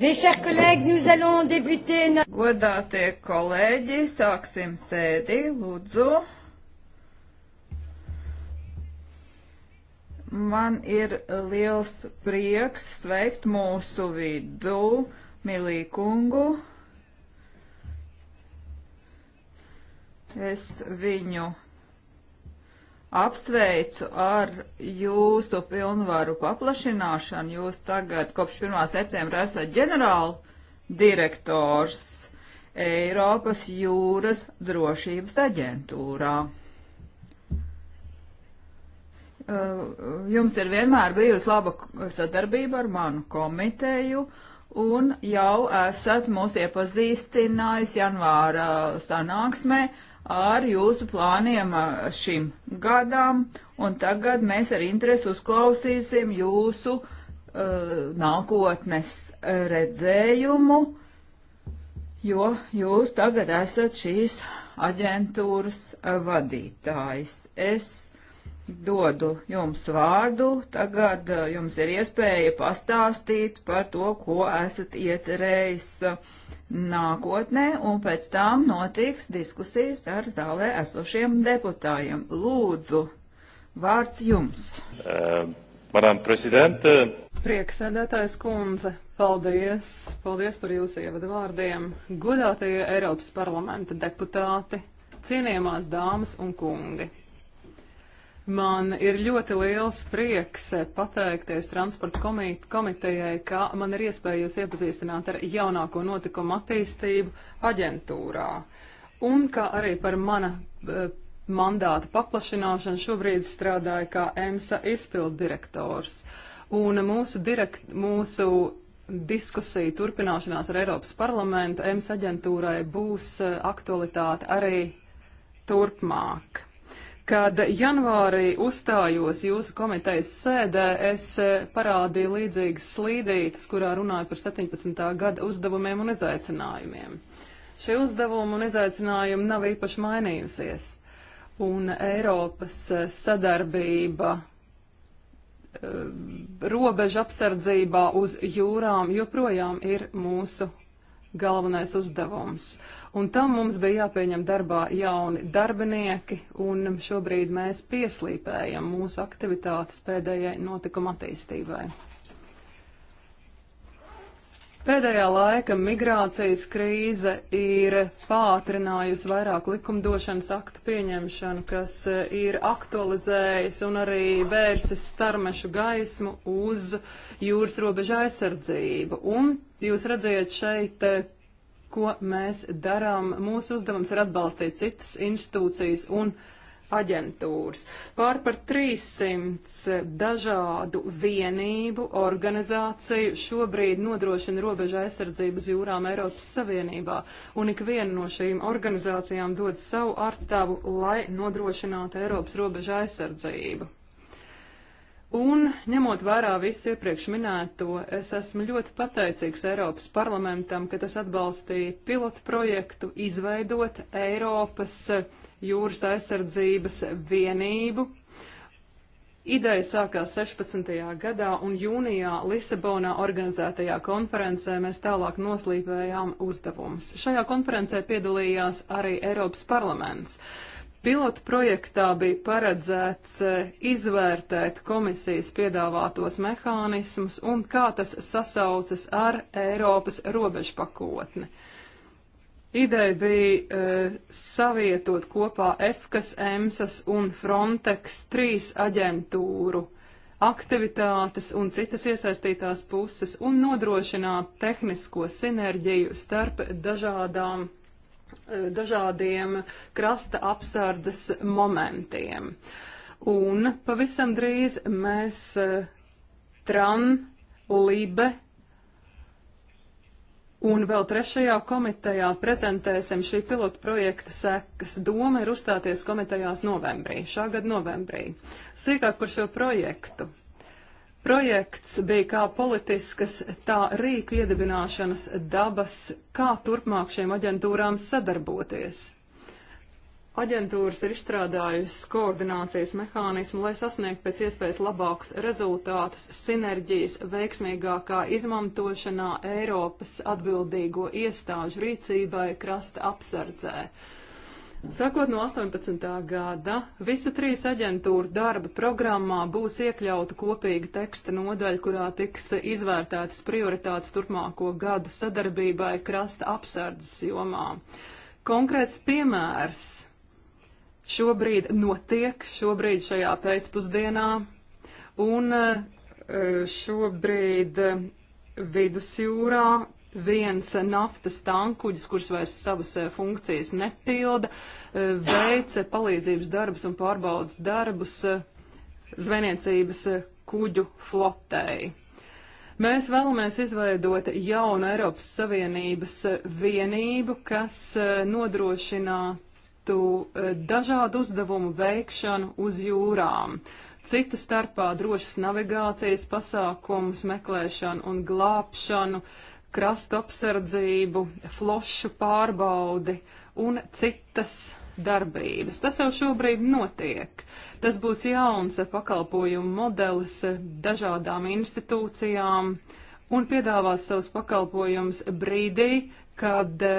Godātie kolēģi, sāksim sēdi, lūdzu. Man ir liels prieks sveikt mūsu vidu Milī kungu. Es viņu apsveicu ar jūsu pilnvaru paplašināšanu. Jūs tagad kopš 1. septembra esat ģenerāla direktors Eiropas jūras drošības aģentūrā. Jums ir vienmēr bijusi laba sadarbība ar manu komiteju, un jau esat mūs iepazīstinājis janvāra sanāksmē ar jūsu plāniem šim gadam, un tagad mēs ar interesi uzklausīsim jūsu uh, nākotnes redzējumu, jo jūs tagad esat šīs aģentūras vadītājs. Es dodu jums vārdu, tagad jums ir iespēja pastāstīt par to, ko esat iecerējis uh, nākotnē, un pēc tam notiks diskusijas ar zālē esošiem deputājiem. Lūdzu, vārds jums. Uh, Madam Prezidente. Prieksēdētājs kundze, paldies, paldies par jūsu ievadu vārdiem. Godātie Eiropas parlamenta deputāti, cienījamās dāmas un kungi. Man ir ļoti liels prieks pateikties transporta komitejai, ka man ir iespēja jūs iepazīstināt ar jaunāko notikumu attīstību aģentūrā. Un kā arī par mana e, mandāta paplašināšanu šobrīd strādāju kā EMSA izpildu direktors. Un mūsu, direkt, mūsu diskusija turpināšanās ar Eiropas parlamentu EMSA aģentūrai būs e, aktualitāte arī turpmāk. Kad janvārī uzstājos jūsu komitejas sēdē, es e, parādīju līdzīgas slīdītes, kurā runāju par 17. gada uzdevumiem un izaicinājumiem. Šie uzdevumi un izaicinājumi nav īpaši mainījusies, un Eiropas e, sadarbība e, robežu apsardzībā uz jūrām joprojām ir mūsu galvenais uzdevums. Un tam mums bija jāpieņem darbā jauni darbinieki, un šobrīd mēs pieslīpējam mūsu aktivitātes pēdējai notikuma attīstībai. Pēdējā laika migrācijas krīze ir pātrinājusi vairāk likumdošanas aktu pieņemšanu, kas eh, ir aktualizējis un arī vērsis starmešu gaismu uz jūras robežu aizsardzību. Un jūs redzējat šeit, eh, ko mēs darām. Mūsu uzdevums ir atbalstīt citas institūcijas un aģentūras. Pār par 300 dažādu vienību organizāciju šobrīd nodrošina robeža aizsardzības jūrām Eiropas Savienībā, un ik viena no šīm organizācijām dod savu artavu, lai nodrošinātu Eiropas robeža aizsardzību. Un, ņemot vērā visu iepriekš minēto, es esmu ļoti pateicīgs Eiropas parlamentam, ka tas atbalstīja pilotu projektu izveidot Eiropas jūras aizsardzības vienību. Ideja sākās 16. gadā un jūnijā Lisabonā organizētajā konferencē mēs tālāk noslīpējām uzdevumus. Šajā konferencē piedalījās arī Eiropas parlaments. Uh, Pilota projektā bija paredzēts e, izvērtēt komisijas piedāvātos mehānismus un kā tas sasaucas ar Eiropas robežpakotni. Ideja bija e, savietot kopā EFKAS, EMSAS un Frontex trīs aģentūru aktivitātes un citas iesaistītās puses un nodrošināt tehnisko sinerģiju starp dažādām dažādiem krasta apsardzes momentiem. Un pavisam drīz mēs e, tran, libe Un vēl trešajā komitejā prezentēsim šī pilota projekta sekas. Doma ir uzstāties komitejās novembrī, šā gada novembrī. Sīkāk par šo projektu. Projekts bija kā politiskas, tā rīku iedibināšanas dabas, kā turpmāk šiem aģentūrām sadarboties. Aģentūras ir izstrādājusi koordinācijas mehānismu, lai sasniegtu pēc iespējas labākus rezultātus sinerģijas veiksmīgākā izmantošanā Eiropas atbildīgo iestāžu rīcībai krasta apsardzē. Sākot no 18. gada, visu trīs aģentūru darba programmā būs iekļauta kopīga teksta nodaļa, kurā tiks izvērtētas prioritātes turpmāko gadu sadarbībai krasta apsardzes jomā. Konkrēts piemērs šobrīd notiek, šobrīd šajā pēcpusdienā, un eh, šobrīd eh, vidusjūrā viens naftas tankuģis, kurš vairs savas eh, funkcijas nepilda, eh, veica eh, palīdzības darbus un pārbaudas darbus zvejniecības kuģu flotei. Mēs vēlamies izveidot jaunu Eiropas Savienības vienību, kas nodrošinātu dažādu uzdevumu veikšanu uz jūrām citu starpā drošas navigācijas pasākumus, meklēšanu un glābšanu, krastu apsardzību, flošu pārbaudi un citas darbības. Tas jau šobrīd notiek. Tas būs jauns pakalpojumu modelis dažādām institūcijām un piedāvās savus pakalpojumus brīdī, kad e,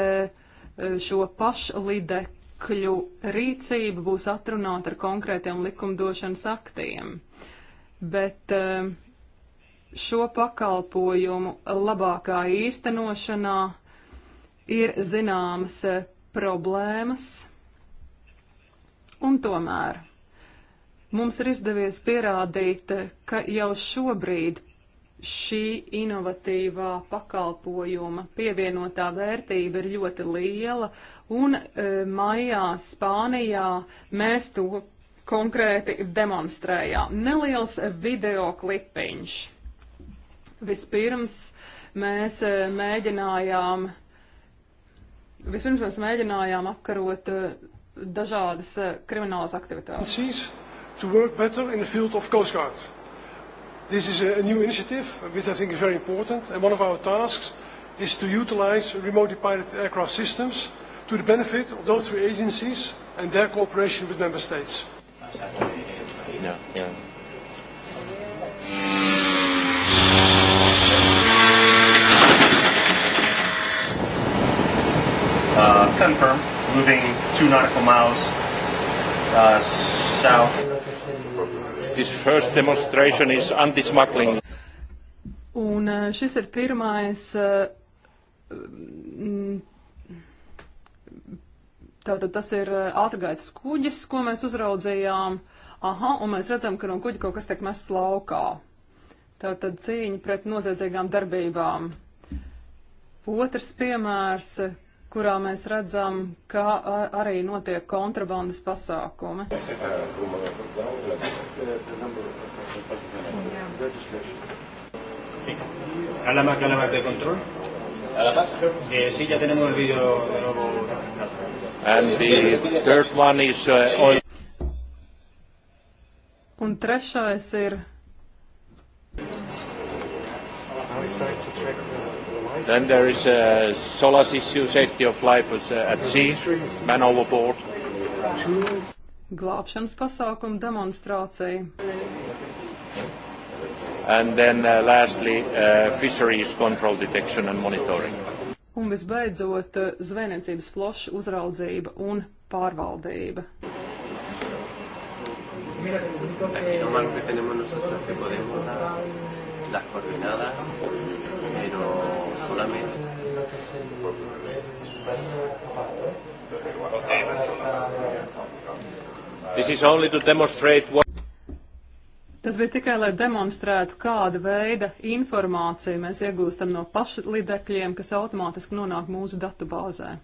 šo pašlidekļu rīcību būs atrunāta ar konkrētiem likumdošanas aktiem. Bet uh, šo pakalpojumu labākā īstenošanā ir zināmas eh, problēmas, un tomēr mums ir izdevies pierādīt, eh, ka jau šobrīd šī inovatīvā pakalpojuma pievienotā vērtība ir ļoti liela, un e, maijā Spānijā mēs to konkrēti demonstrējām. Neliels video klipiņš. Vispirms mēs eh, mēģinājām, vispirms mēs mēģinājām apkarot eh, dažādas eh, kriminālas aktivitātes. To work better in the field of Coast Guard. This is a new initiative which I think is very important and one of our tasks is to utilize remotely piloted aircraft systems to the benefit of those three agencies and their cooperation with member states. No, yeah. uh, confirmed, moving two nautical miles uh, south. This first demonstration is anti-smuggling. Un uh, šis ir pirmais uh, mm, Tātad tas ir ātrgaitas uh, kuģis, ko mēs uzraudzījām. Aha, un mēs redzam, ka no kuģa kaut kas tiek mests laukā. Tātad cīņa pret noziedzīgām darbībām. Otrs piemērs kurā mēs redzam, ka arī notiek kontrabandas pasākumi. Sí. A la MAC, a la MAC de control. ¿A la MAC? Eh, sí, ya tenemos el vídeo de nuevo. And the third one is uh, oil. Un trešais ir. Now it's time to Then there is uh, SOLAS issue, safety of life was, uh, at sea, man overboard. Glābšanas pasākumu demonstrācija. And then uh, lastly, uh, fisheries control detection and monitoring. Un visbeidzot, uh, zvejniecības floša uzraudzība un pārvaldība. Aquí lo malo que tenemos nosotros que podemos dar las coordenadas, pero solamente This is only to demonstrate what Tas bija tikai, lai demonstrētu, kāda veida informāciju mēs iegūstam no pašlidekļiem, kas automātiski nonāk mūsu datubāzē.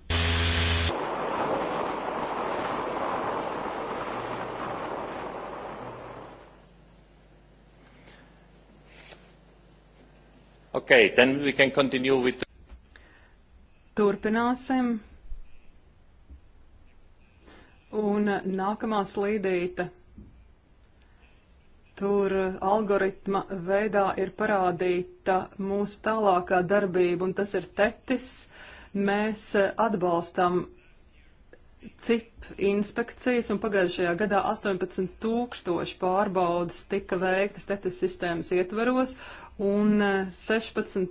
Okay, then we can continue with. Turpināsim. Un nākamā slīdīte. Tur algoritma veidā ir parādīta mūsu tālākā darbība, un tas ir tetis. Mēs atbalstam CIP inspekcijas, un pagājušajā gadā 18 tūkstoši pārbaudas tika veiktas tetis sistēmas ietvaros, un 16 e,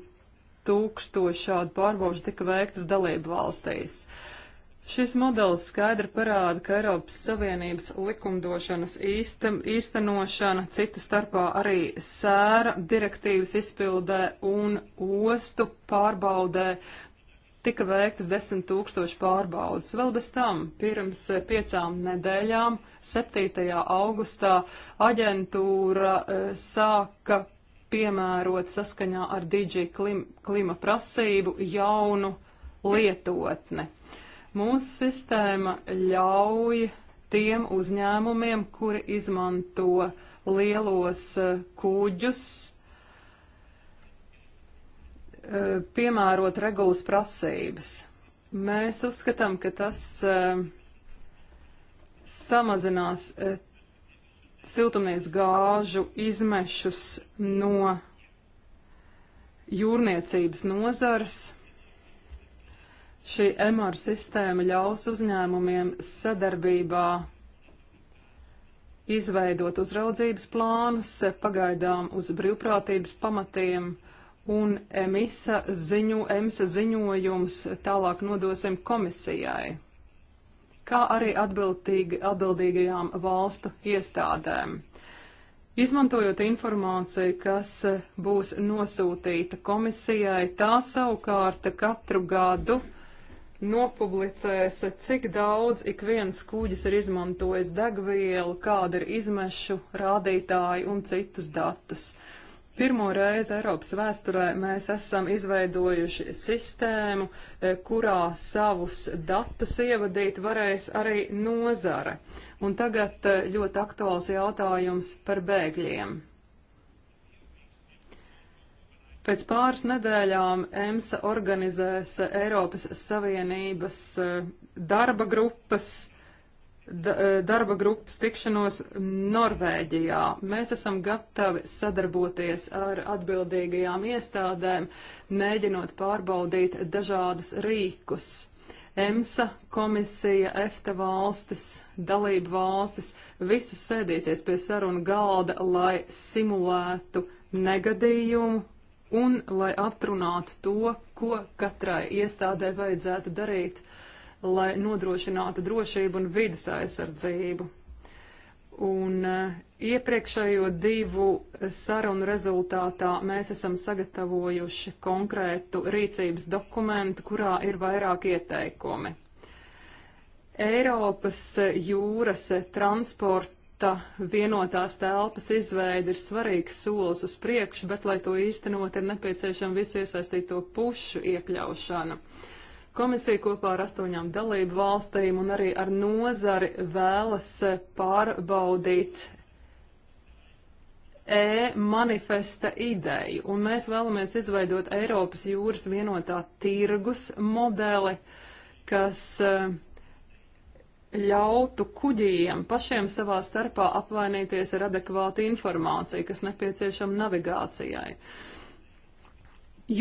tūkstoši šādu pārbaudžu tika veiktas dalību valstīs. Šis modelis skaidri parāda, ka Eiropas Savienības likumdošanas īsten, īstenošana citu starpā arī sēra direktīvas izpildē un ostu pārbaudē tika veiktas desmit tūkstoši pārbaudas. Vēl bez tam, pirms piecām nedēļām, 7. augustā, aģentūra e, sāka piemērot saskaņā ar Digi klim, klima prasību jaunu lietotni. Mūsu sistēma ļauj tiem uzņēmumiem, kuri izmanto lielos eh, kūģus, eh, piemērot regulas prasības. Mēs uzskatām, ka tas eh, samazinās siltumnīcas gāžu izmešus no jūrniecības nozares. Šī MR sistēma ļaus uzņēmumiem sadarbībā izveidot uzraudzības plānus pagaidām uz brīvprātības pamatiem un emisa, ziņu, emisa ziņojums tālāk nodosim komisijai kā arī atbildīgajām valstu iestādēm. Izmantojot informāciju, kas būs nosūtīta komisijai, tā savukārt katru gadu nopublicēs, cik daudz ik viens kuģis ir izmantojis degvielu, kāda ir izmešu rādītāji un citus datus. Pirmo reizi Eiropas vēsturē mēs esam izveidojuši sistēmu, e, kurā savus datus ievadīt varēs arī nozare. Un tagad e, ļoti aktuāls jautājums par bēgļiem. Pēc pāris nedēļām EMSA organizēs Eiropas Savienības e, darba grupas E, darba grupas tikšanos Norvēģijā. Mēs esam gatavi sadarboties ar atbildīgajām iestādēm, mēģinot pārbaudīt dažādus rīkus. EMSA komisija, EFTA valstis, dalību valstis, visas sēdīsies pie saruna galda, lai simulētu negadījumu un lai atrunātu to, ko katrai iestādē vajadzētu darīt. Uh, lai nodrošinātu drošību un vidas aizsardzību. Un eh, iepriekšējo divu sarunu rezultātā mēs esam sagatavojuši konkrētu rīcības dokumentu, kurā ir vairāk ieteikumi. Eiropas jūras transporta vienotās telpas izveida ir svarīgs solis uz priekšu, bet, lai to īstenot, ir nepieciešama visu iesaistīto pušu iekļaušana. Uh, Komisija kopā ar astoņām dalību valstīm un arī ar nozari vēlas pārbaudīt e-manifesta ideju, un mēs vēlamies izveidot Eiropas jūras vienotā tirgus modeli, kas eh, ļautu kuģiem pašiem savā starpā apvainīties ar adekvātu informāciju, kas nepieciešama navigācijai.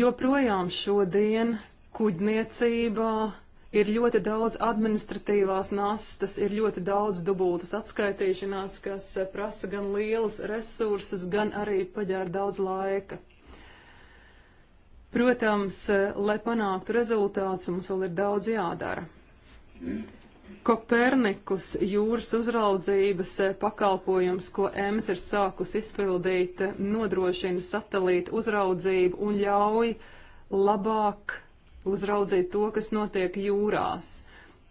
Joprojām šodien kuģniecībā ir ļoti daudz administratīvās nastas, ir ļoti daudz dubultas atskaitīšanās, kas eh, prasa gan lielus resursus, gan arī paģēra daudz laika. Protams, eh, lai panāktu rezultātus, mums vēl ir daudz jādara. Kopernikus jūras uzraudzības eh, pakalpojums, ko EMS ir sākus izpildīt, nodrošina satelīta uzraudzību un ļauj labāk uzraudzīt to, kas notiek jūrās.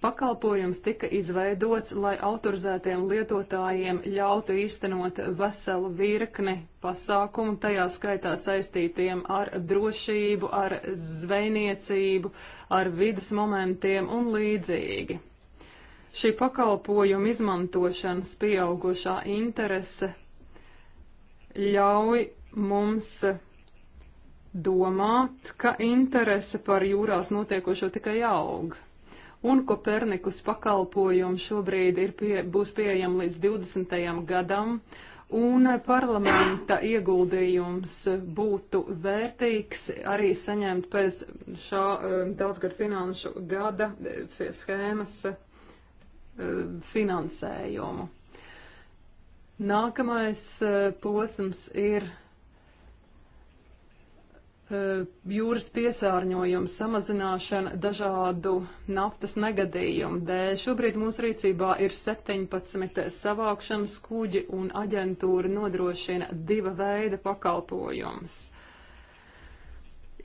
Pakalpojums tika izveidots, lai autorizētiem lietotājiem ļautu īstenot veselu virkni pasākumu, tajā skaitā saistītiem ar drošību, ar zvejniecību, ar vidas momentiem un līdzīgi. Šī pakalpojuma izmantošanas pieaugušā interese ļauj mums domāt, ka interese par jūrās notiekošo tikai aug. Un Kopernikus pakalpojumi šobrīd ir pie, būs pieejami līdz 20. gadam, un parlamenta ieguldījums būtu vērtīgs arī saņemt pēc šā eh, daudzgad finanšu gada eh, schēmas eh, finansējumu. Nākamais posms ir Eh, jūras piesārņojuma samazināšana dažādu naftas negadījumu dēļ. Šobrīd mūsu rīcībā ir 17 savākšanas kuģi un aģentūra nodrošina diva veida pakalpojumus.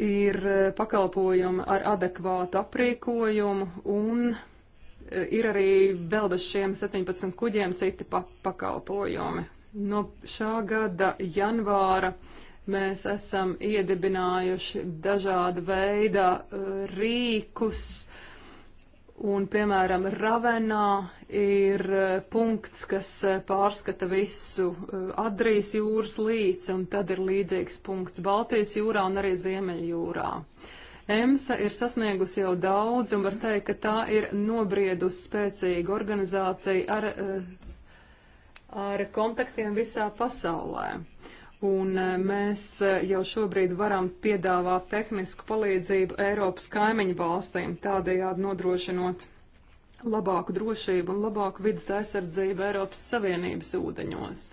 Ir eh, pakalpojumi ar adekvātu aprīkojumu un eh, ir arī vēl bez šiem 17 kuģiem citi pa pakalpojumi. No šā gada janvāra uh, Mēs esam iedibinājuši dažāda veida uh, rīkus, un, piemēram, Ravenā ir uh, punkts, kas uh, pārskata visu Adrijas jūras līci, un tad ir līdzīgs punkts Baltijas jūrā un arī Ziemeļjūrā. EMSA ir sasniegusi jau daudz, un var teikt, ka tā ir nobriedusi spēcīga organizācija ar, ar kontaktiem visā pasaulē. Un eh, mēs eh, jau šobrīd varam piedāvāt tehnisku palīdzību Eiropas kaimiņu valstīm, tādējādi nodrošinot labāku drošību un labāku vidas aizsardzību Eiropas Savienības ūdeņos.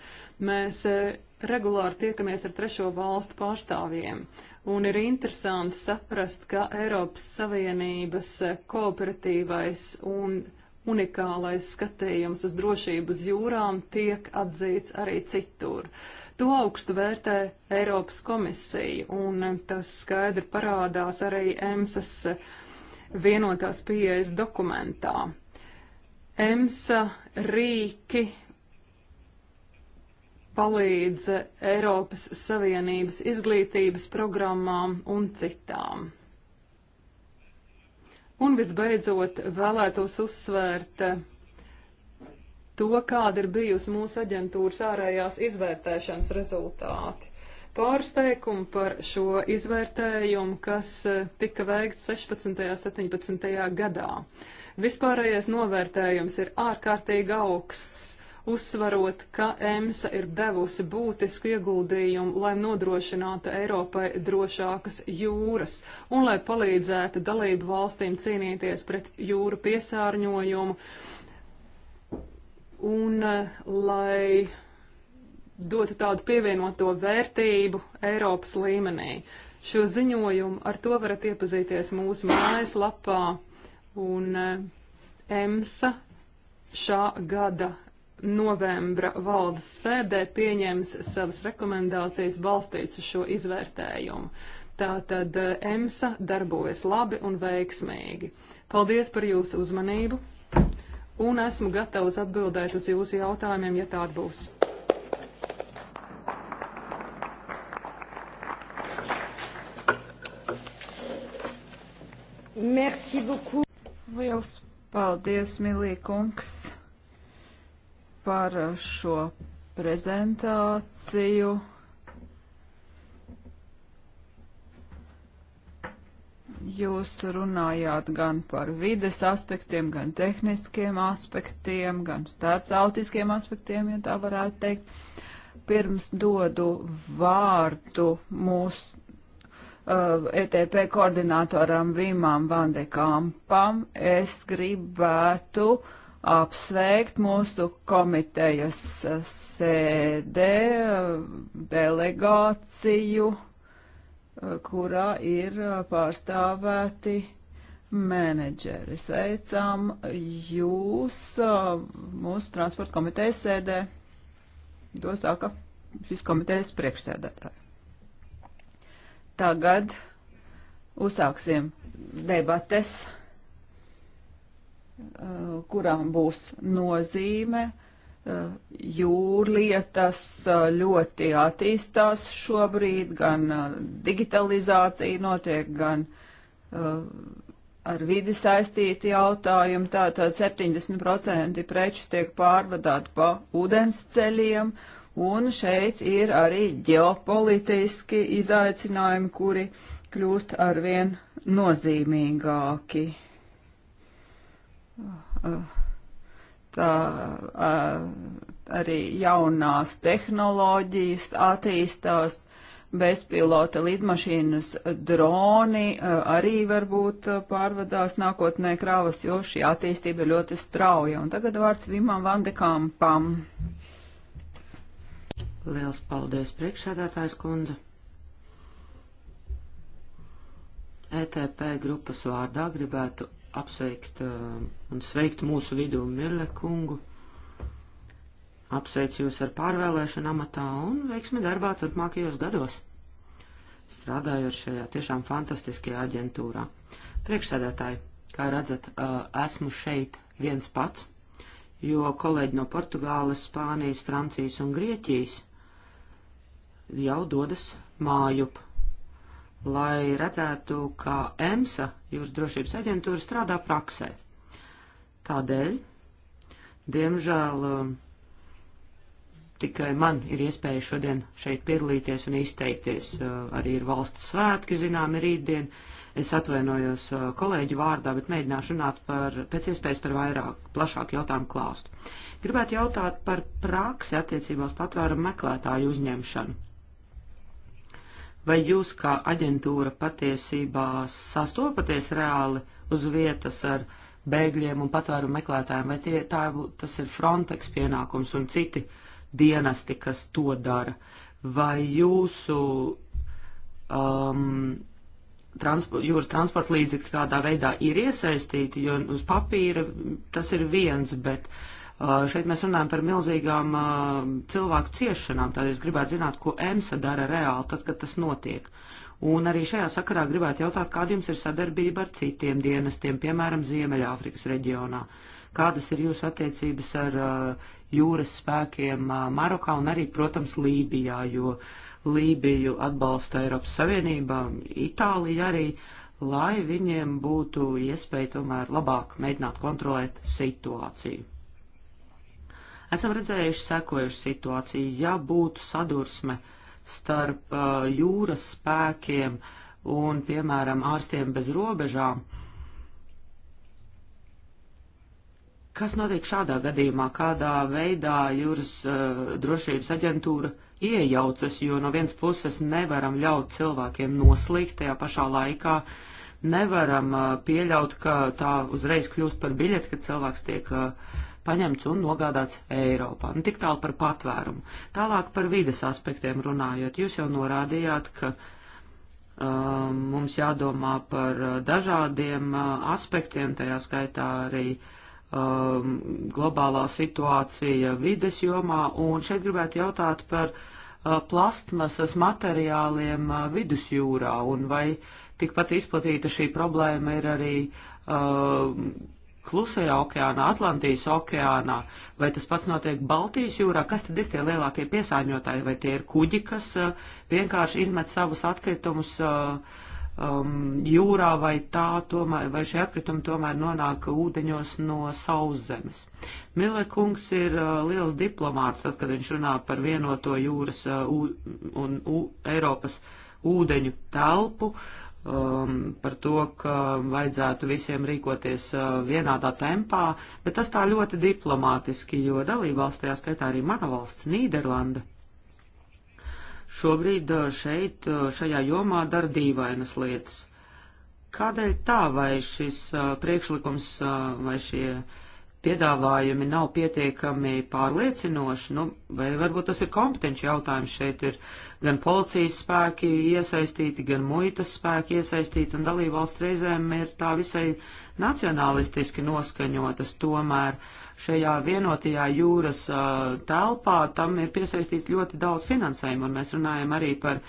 Mēs eh, regulāri tiekamies ar trešo valstu pārstāvjiem, un ir interesanti saprast, ka Eiropas Savienības kooperatīvais un unikālais skatījums uz drošību uz jūrām tiek atzīts arī citur. To augstu vērtē Eiropas komisija, un tas skaidri parādās arī EMSAS vienotās pieejas dokumentā. EMSA rīki palīdz Eiropas Savienības izglītības programmām un citām. Un visbeidzot vēlētos uzsvērt eh, to, kāda ir bijusi mūsu aģentūras ārējās izvērtēšanas rezultāti. Pārsteigumu par šo izvērtējumu, kas eh, tika veikts 16. un 17. gadā. Vispārējais novērtējums ir ārkārtīgi augsts uzsvarot, ka EMSA ir devusi būtisku ieguldījumu, lai nodrošinātu Eiropai drošākas jūras un lai palīdzētu dalību valstīm cīnīties pret jūru piesārņojumu un eh, lai dotu tādu pievienoto vērtību Eiropas līmenī. Šo ziņojumu ar to varat iepazīties mūsu mājaslapā un eh, EMSA šā gada novembra valdes sēdē pieņems savas rekomendācijas balstīts uz šo izvērtējumu. Tātad eh, EMSA darbojas labi un veiksmīgi. Paldies par jūsu uzmanību un esmu gatavs atbildēt uz jūsu jautājumiem, ja tāda būs. Merci beaucoup. Liels paldies, Milī kungs par šo prezentāciju. Jūs runājāt gan par vides aspektiem, gan tehniskiem aspektiem, gan starptautiskiem aspektiem, ja tā varētu teikt. Pirms dodu vārdu mūsu uh, ETP koordinatoram Vimam Vandekampam, es gribētu uh, apsveikt mūsu komitejas sēdē delegāciju, kurā ir pārstāvēti menedžeri. Sveicam jūs mūsu transporta komitejas sēdē. To saka šis komitejas priekšsēdētāji. Tagad uzsāksim debates. Uh, kurām būs nozīme. Uh, jūrlietas uh, ļoti attīstās šobrīd, gan digitalizācija notiek, gan ar vidi saistīti jautājumi. Tātad 70% preču tiek pārvadāti pa ūdens ceļiem, un šeit ir arī ģeopolitiski izaicinājumi, kuri kļūst arvien nozīmīgāki tā, arī jaunās tehnoloģijas attīstās, bezpilota lidmašīnas droni arī varbūt pārvadās nākotnē krāvas, jo šī attīstība ir ļoti strauja. Un tagad vārds Vimam Vandekampam. Liels paldies, priekšsēdētājs kundze. ETP grupas vārdā gribētu apsveikt uh, un sveikt mūsu vidū Mirle kungu. Apsveicu jūs ar pārvēlēšanu amatā un veiksmi darbā turpmākajos gados, strādājot šajā tiešām fantastiskajā aģentūrā. Priekšsēdētāji, kā redzat, uh, esmu šeit viens pats, jo kolēģi no Portugāles, Spānijas, Francijas un Grieķijas jau dodas mājup lai redzētu, kā EMSA, jūras drošības aģentūra, strādā praksē. Tādēļ, diemžēl, um, tikai man ir iespēja šodien šeit piedalīties un izteikties. Uh, arī ir valsts svētki, zinām, ir rītdien. Es atvainojos uh, kolēģu vārdā, bet mēģināšu runāt par, pēc iespējas par vairāk, plašāku jautājumu klāstu. Gribētu jautāt par praksi attiecībā uz patvērumu meklētāju uzņemšanu. Vai jūs kā aģentūra patiesībā sastopaties reāli uz vietas ar bēgļiem un patvēru meklētājiem, vai tie, tā, tas ir Frontex pienākums un citi dienesti, kas to dara? Vai jūsu um, transpo, jūras transporta līdzekļi kādā veidā ir iesaistīti, jo uz papīra tas ir viens, bet uh, Uh, šeit mēs runājam par milzīgām uh, cilvēku ciešanām, tādēļ es gribētu zināt, ko EMSA dara reāli tad, kad tas notiek. Un arī šajā sakarā gribētu jautāt, kāda jums ir sadarbība ar citiem dienestiem, piemēram, Ziemeļāfrikas reģionā. Kādas ir jūsu attiecības ar uh, jūras spēkiem uh, Marokā un arī, protams, Lībijā, jo Lībiju atbalsta Eiropas Savienība, Itālija arī, lai viņiem būtu iespēja tomēr labāk mēģināt kontrolēt situāciju. Esam redzējuši sekojušu situāciju. Ja būtu sadursme starp uh, jūras spēkiem un, piemēram, ārstiem bez robežām, kas notiek šādā gadījumā, kādā veidā jūras uh, drošības aģentūra iejaucas, jo no vienas puses nevaram ļaut cilvēkiem noslīgt tajā pašā laikā, nevaram uh, pieļaut, ka tā uzreiz kļūst par biļeti, kad cilvēks tiek uh, paņemts un nogādāts Eiropā. Nu, tik tālu par patvērumu. Tālāk par vides aspektiem runājot. Jūs jau norādījāt, ka um, mums jādomā par uh, dažādiem uh, aspektiem, tajā skaitā arī um, globālā situācija vides jomā. Un šeit gribētu jautāt par uh, plastmasas materiāliem uh, vidusjūrā un vai tikpat izplatīta šī problēma ir arī uh, Klusajā okeānā, Atlantijas okeānā, vai tas pats notiek Baltijas jūrā, kas tad ir tie lielākie piesāņotāji, vai tie ir kuģi, kas uh, vienkārši izmet savus atkritumus uh, um, jūrā, vai, tā, tomēr, vai šie atkritumi tomēr nonāk ūdeņos no sauszemes. Mille kungs ir uh, liels diplomāts, tad, kad viņš runā par vienoto jūras uh, un, un, un Eiropas ūdeņu telpu. Uh, um, par to, ka vajadzētu visiem rīkoties uh, vienādā tempā, bet tas tā ļoti diplomātiski, jo dalībvalsts, tajā skaitā arī mana valsts, Nīderlanda, šobrīd uh, šeit, uh, šajā jomā dara dīvainas lietas. Kādēļ tā vai šis uh, priekšlikums uh, vai šie uh, piedāvājumi nav pietiekami pārliecinoši, nu, vai varbūt tas ir kompetenci jautājums. Šeit ir gan policijas spēki iesaistīti, gan muitas spēki iesaistīti, un dalībvalsts reizēm ir tā visai nacionalistiski noskaņotas, tomēr šajā vienotajā jūras uh, telpā tam ir piesaistīts ļoti daudz finansējumu, un mēs runājam arī par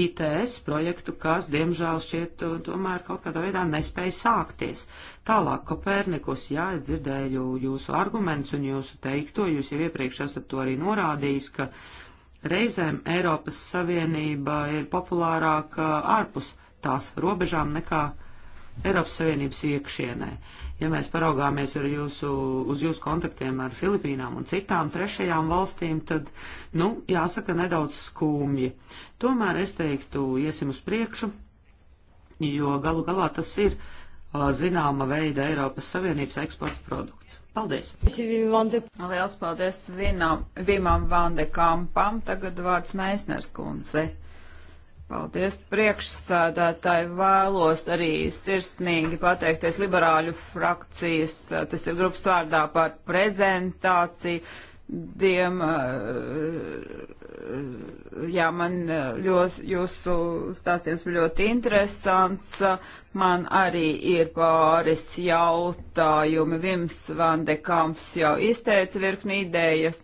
ITS projektu, kas, diemžēl, šķiet uh, tomēr kaut kādā veidā nespēja sākties. Tālāk, Kopernikus, jā, es dzirdēju jūsu argumentus un jūsu teikto, jūs jau iepriekš esat to arī norādījis, ka reizēm Eiropas Savienība ir populārāka ārpus tās robežām nekā Eiropas Savienības iekšienē. Ja mēs paraugāmies jūsu, uz jūsu kontaktiem ar Filipīnām un citām trešajām valstīm, tad, nu, jāsaka, nedaudz skumji. Tomēr es teiktu, iesim uz priekšu, jo galu galā tas ir zināma veida Eiropas Savienības eksporta produkts. Paldies! Liels paldies Vinam, Vimam Vandekampam. Tagad vārds Mēsners kundze. Paldies priekšsādātāji. Vēlos arī sirsnīgi pateikties liberāļu frakcijas, tas ir grupas vārdā par prezentāciju. Diem, eh, jā, man eh, ļoti, jūsu stāstījums bija ļoti interesants. Man arī ir pāris jautājumi. Vims Vandekams jau izteica virkni idejas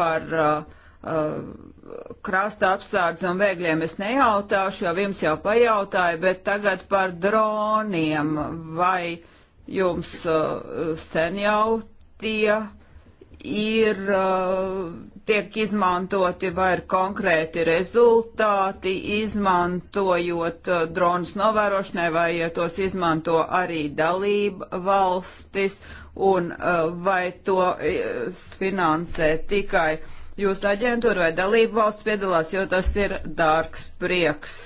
par uh, Uh, krasta apsārdzes un vēgļiem es nejautāšu, jo jums jau pajautāju, bet tagad par droniem. Vai jums uh, sen jau tie ir, uh, tiek izmantoti vai ir konkrēti rezultāti, izmantojot dronus novērošanai, vai tos izmanto arī dalība valstis, un vai to finansē tikai jūsu aģentūra vai dalību valsts piedalās, jo tas ir dārgs prieks.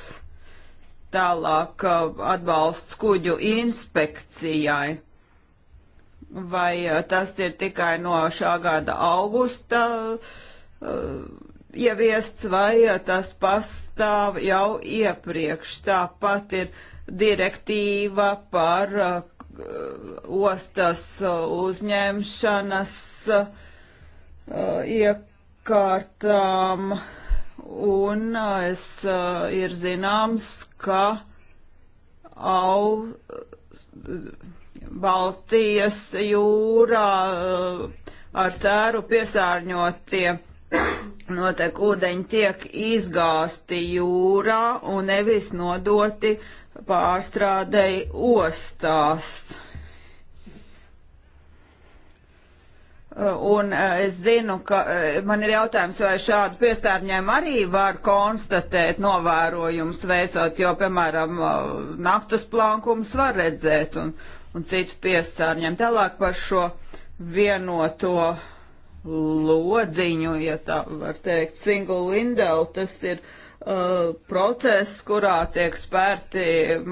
Tālāk uh, atbalsts kuģu inspekcijai. Vai uh, tas ir tikai no šā gada augusta uh, ieviests, vai uh, tas pastāv jau iepriekš? Tāpat ir direktīva par uh, ostas uzņemšanas uh, iekļūšanu iekārtām, um, un uh, es, uh, ir zināms, ka au, Baltijas jūrā uh, ar sēru piesārņotie notiek ūdeņi tiek izgāsti jūrā un nevis nodoti pārstrādei ostās. Un eh, es zinu, ka eh, man ir jautājums, vai šādu piesārņojumu arī var konstatēt novērojumus veicot, jo, piemēram, eh, naftas plankums var redzēt un, un citu piesārņojumu. Tālāk par šo vienoto lodziņu, ja tā var teikt, single window, tas ir uh, process, kurā tiek spērti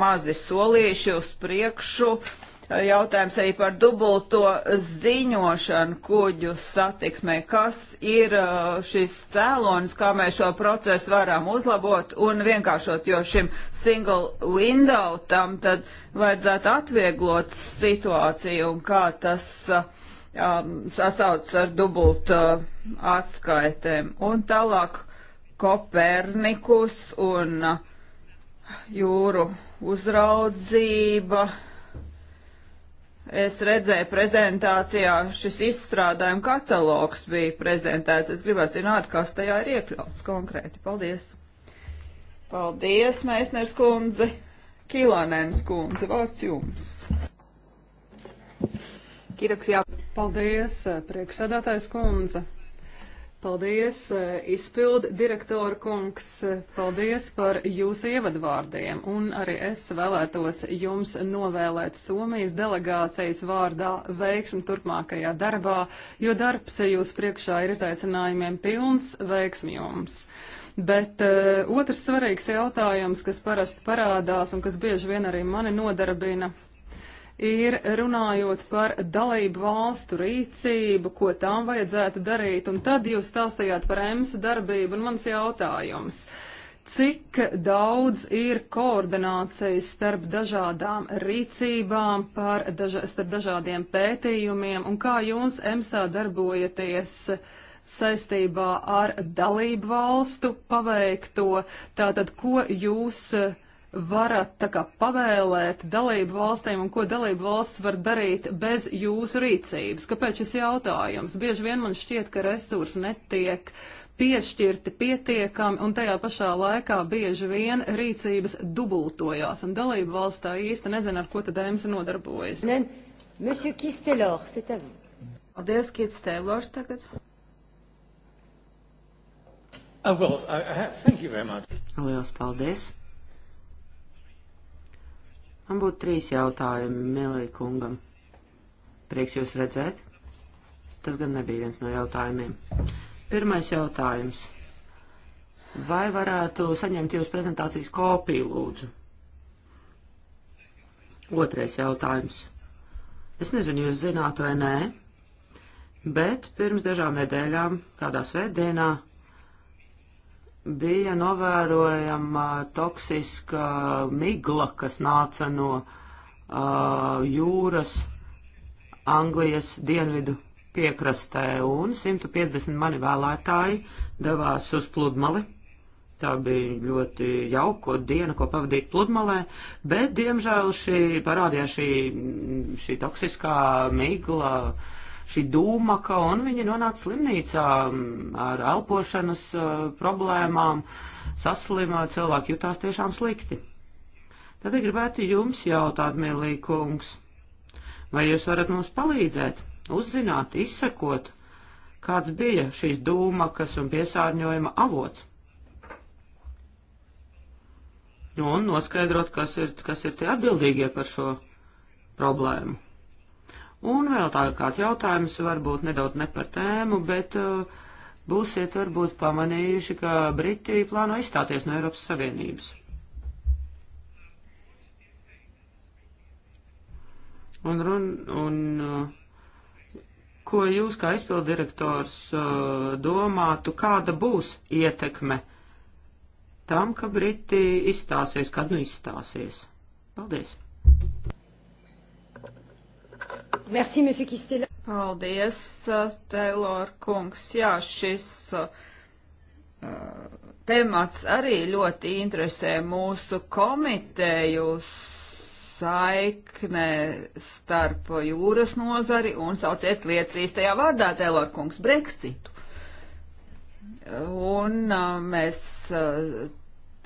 mazi solīši uz priekšu. Uh, jautājums arī par dubulto ziņošanu kuģu satiksmē. Kas ir uh, šis cēlonis, kā mēs šo procesu varam uzlabot un vienkāršot, jo šim single window tam tad vajadzētu atvieglot situāciju un kā tas uh, um, sasauc ar dubultu uh, atskaitēm. Un tālāk Kopernikus un uh, jūru uzraudzība Es redzēju prezentācijā, šis izstrādājuma katalogs bija prezentēts. Es gribētu zināt, kas tajā ir iekļauts konkrēti. Paldies! Paldies, Meisners kundze! Kilonēns kundze, vārds jums! Kiitoksia. Paldies, priekšsēdētājs kundze. Paldies, eh, izpildu direktoru kungs, paldies par jūsu ievadvārdiem, un arī es vēlētos jums novēlēt Somijas delegācijas vārdā veiksmi turpmākajā darbā, jo darbs jūs priekšā ir izaicinājumiem pilns veiksmi jums. Bet uh, otrs svarīgs jautājums, kas parasti parādās un kas bieži vien arī mani nodarbina, ir runājot par dalību valstu rīcību, ko tām vajadzētu darīt, un tad jūs stāstījāt par EMS darbību, un mans jautājums. Cik daudz ir koordinācijas starp dažādām rīcībām, par daža, starp dažādiem pētījumiem, un kā jūs EMSā darbojaties? saistībā ar dalību valstu paveikto, tātad ko jūs varat tā kā pavēlēt dalību valstīm un ko dalību valsts var darīt bez jūsu rīcības? Kāpēc šis jautājums? Bieži vien man šķiet, ka resursi netiek piešķirti pietiekami un tajā pašā laikā bieži vien rīcības dubultojās un dalību valsts tā īsti nezina, ar ko tad EMS nodarbojas. Monsieur Kistelor, c'est à vous. Paldies, Kits Taylors tagad. Oh, well, uh, thank you very much. Lielas paldies. Man būtu trīs jautājumi Milī kungam. Prieks jūs redzēt. Tas gan nebija viens no jautājumiem. Pirmais jautājums. Vai varētu saņemt jūs prezentācijas kopiju, lūdzu? Otrais jautājums. Es nezinu, jūs zināt vai nē, bet pirms dažām nedēļām, kādā svētdienā, bija novērojama toksiska migla, kas nāca no uh, jūras Anglijas dienvidu piekrastē, un 150 mani vēlētāji devās uz pludmali. Tā bija ļoti jauko diena, ko pavadīt pludmalē, bet, diemžēl, šī, parādījās šī, šī toksiskā migla. Uh, šī dūmaka, un viņa nonāca slimnīcā mm, ar elpošanas problēmām, saslimā, cilvēki jutās tiešām slikti. Tad ja gribētu jums jautāt, Mielī kungs, vai jūs varat mums palīdzēt, uzzināt, izsekot, kāds bija šīs dūmakas un piesārņojuma avots? Un noskaidrot, kas ir, kas ir tie atbildīgie par šo problēmu. Un vēl tā kāds jautājums, varbūt nedaudz ne par tēmu, bet uh, būsiet varbūt pamanījuši, ka Briti plāno izstāties no Eiropas Savienības. Un, run, un uh, ko jūs kā izpildirektors uh, domātu, kāda būs ietekme tam, ka Briti izstāsies, kad nu izstāsies? Paldies! Merci, monsieur Kistela. Paldies, uh, Taylor kungs. Jā, šis uh, temats arī ļoti interesē mūsu komiteju saikne starp jūras nozari un sauciet lietas īstajā vārdā, Taylor kungs, Brexitu. Un uh, mēs uh,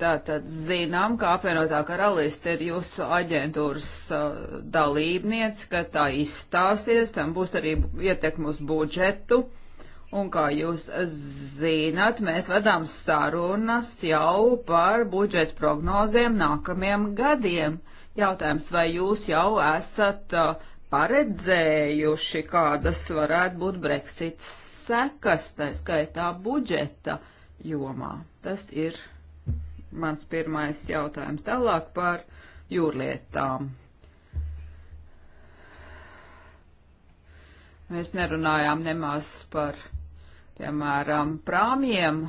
Tātad zinām, ka apvienotā karaliste ir jūsu aģentūras uh, dalībniece, ka tā izstāsies, tam būs arī ietekme uz budžetu. Un kā jūs zināt, mēs vedām sarunas jau par budžetu prognozēm nākamajiem gadiem. Jautājums, vai jūs jau esat uh, paredzējuši, kādas varētu būt Brexit sekas, tā skaitā budžeta jomā? Tas ir mans pirmais jautājums tālāk par jūrlietām. Mēs nerunājām nemaz par, piemēram, prāmjiem,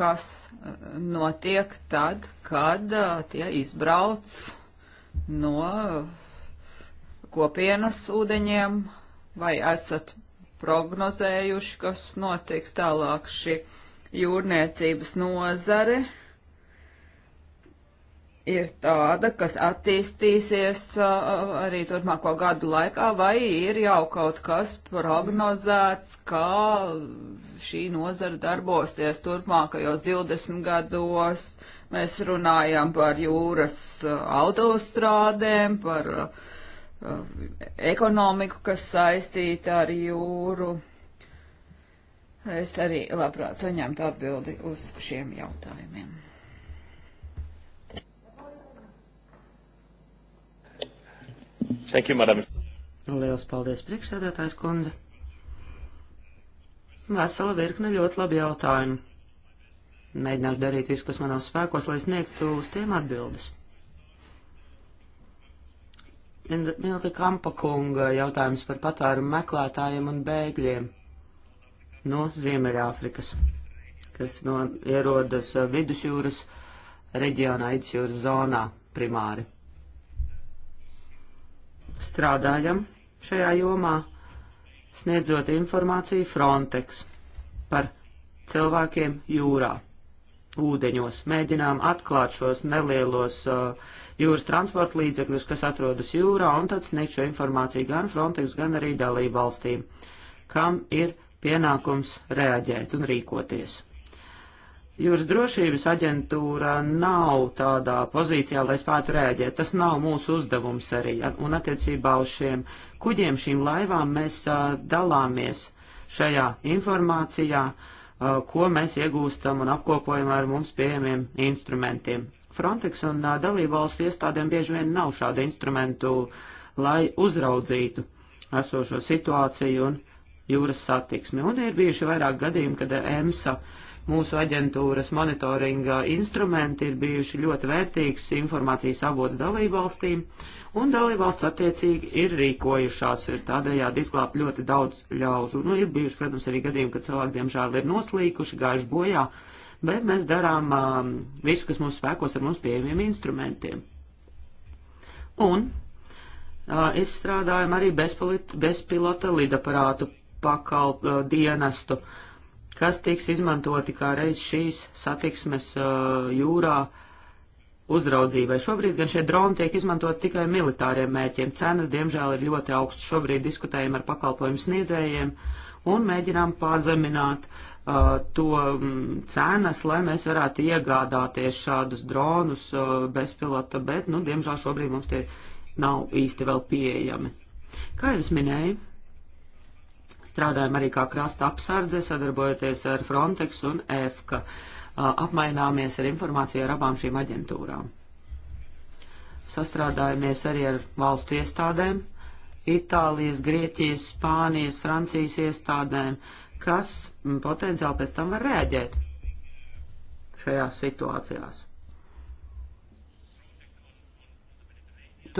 kas eh, notiek tad, kad eh, tie izbrauc no eh, kopienas ūdeņiem, vai esat prognozējuši, kas notiks tālāk šī jūrniecības nozare ir tāda, kas attīstīsies arī turpmāko gadu laikā, vai ir jau kaut kas prognozēts, kā šī nozara darbosies turpmākajos 20 gados. Mēs runājam par jūras autostrādēm, par ekonomiku, kas saistīta ar jūru. Es arī labprāt saņemtu atbildi uz šiem jautājumiem. Thank you, madam. Lielas paldies, priekšsēdētājs kundze. Vesela virkne ļoti labi jautājumi. Mēģināšu darīt visu, kas manos spēkos, lai sniegtu uz tiem atbildes. Milti Kampakunga jautājums par patvērumu meklētājiem un bēgļiem no Ziemeļāfrikas, kas no, ierodas vidusjūras reģionā, vidusjūras zonā primāri strādājam šajā jomā, sniedzot informāciju Frontex par cilvēkiem jūrā, ūdeņos. Mēģinām atklāt šos nelielos uh, jūras transporta līdzekļus, kas atrodas jūrā, un tad sniegt šo informāciju gan Frontex, gan arī dalību valstīm, kam ir pienākums reaģēt un rīkoties. Jūras drošības aģentūra nav tādā pozīcijā, lai spētu rēģēt. Tas nav mūsu uzdevums arī. Un attiecībā uz šiem kuģiem, šīm laivām mēs uh, dalāmies šajā informācijā, uh, ko mēs iegūstam un apkopojam ar mums pieejamiem instrumentiem. Frontex un uh, dalībvalstu iestādēm bieži vien nav šādu instrumentu, lai uzraudzītu esošo situāciju un jūras satiksmi. Un ir bijuši vairāk gadījumi, kad EMSA uh, mūsu aģentūras monitoringa instrumenti ir bijuši ļoti vērtīgs informācijas avots dalībvalstīm, un dalībvalsts attiecīgi ir rīkojušās, ir tādējādi izglābt ļoti daudz ļautu. Nu, ir bijuši, protams, arī gadījumi, kad cilvēki, diemžēl, ir noslīkuši, gājuši bojā, bet mēs darām um, visu, kas mūsu spēkos ar mums pieejamiem instrumentiem. Un uh, izstrādājam arī bezpilota lidaparātu pakalp, uh, dienestu. Uh, kas tiks izmantoti kā reiz šīs satiksmes uh, jūrā uzraudzībai. Šobrīd gan šie droni tiek izmantot tikai militāriem mērķiem. Cenas, diemžēl, ir ļoti augstas. Šobrīd diskutējam ar pakalpojumu sniedzējiem un mēģinām pazemināt uh, to um, cenas, lai mēs varētu iegādāties šādus dronus uh, bezpilota, bet, nu, diemžēl šobrīd mums tie nav īsti vēl pieejami. Kā jau es minēju, Strādājam arī kā krasta apsardze, sadarbojoties ar Frontex un EFKA. Apmaināmies ar informāciju ar abām šīm aģentūrām. Sastrādājamies arī ar valstu iestādēm, Itālijas, Grieķijas, Spānijas, Francijas iestādēm, kas mm, potenciāli pēc tam var rēģēt šajās situācijās.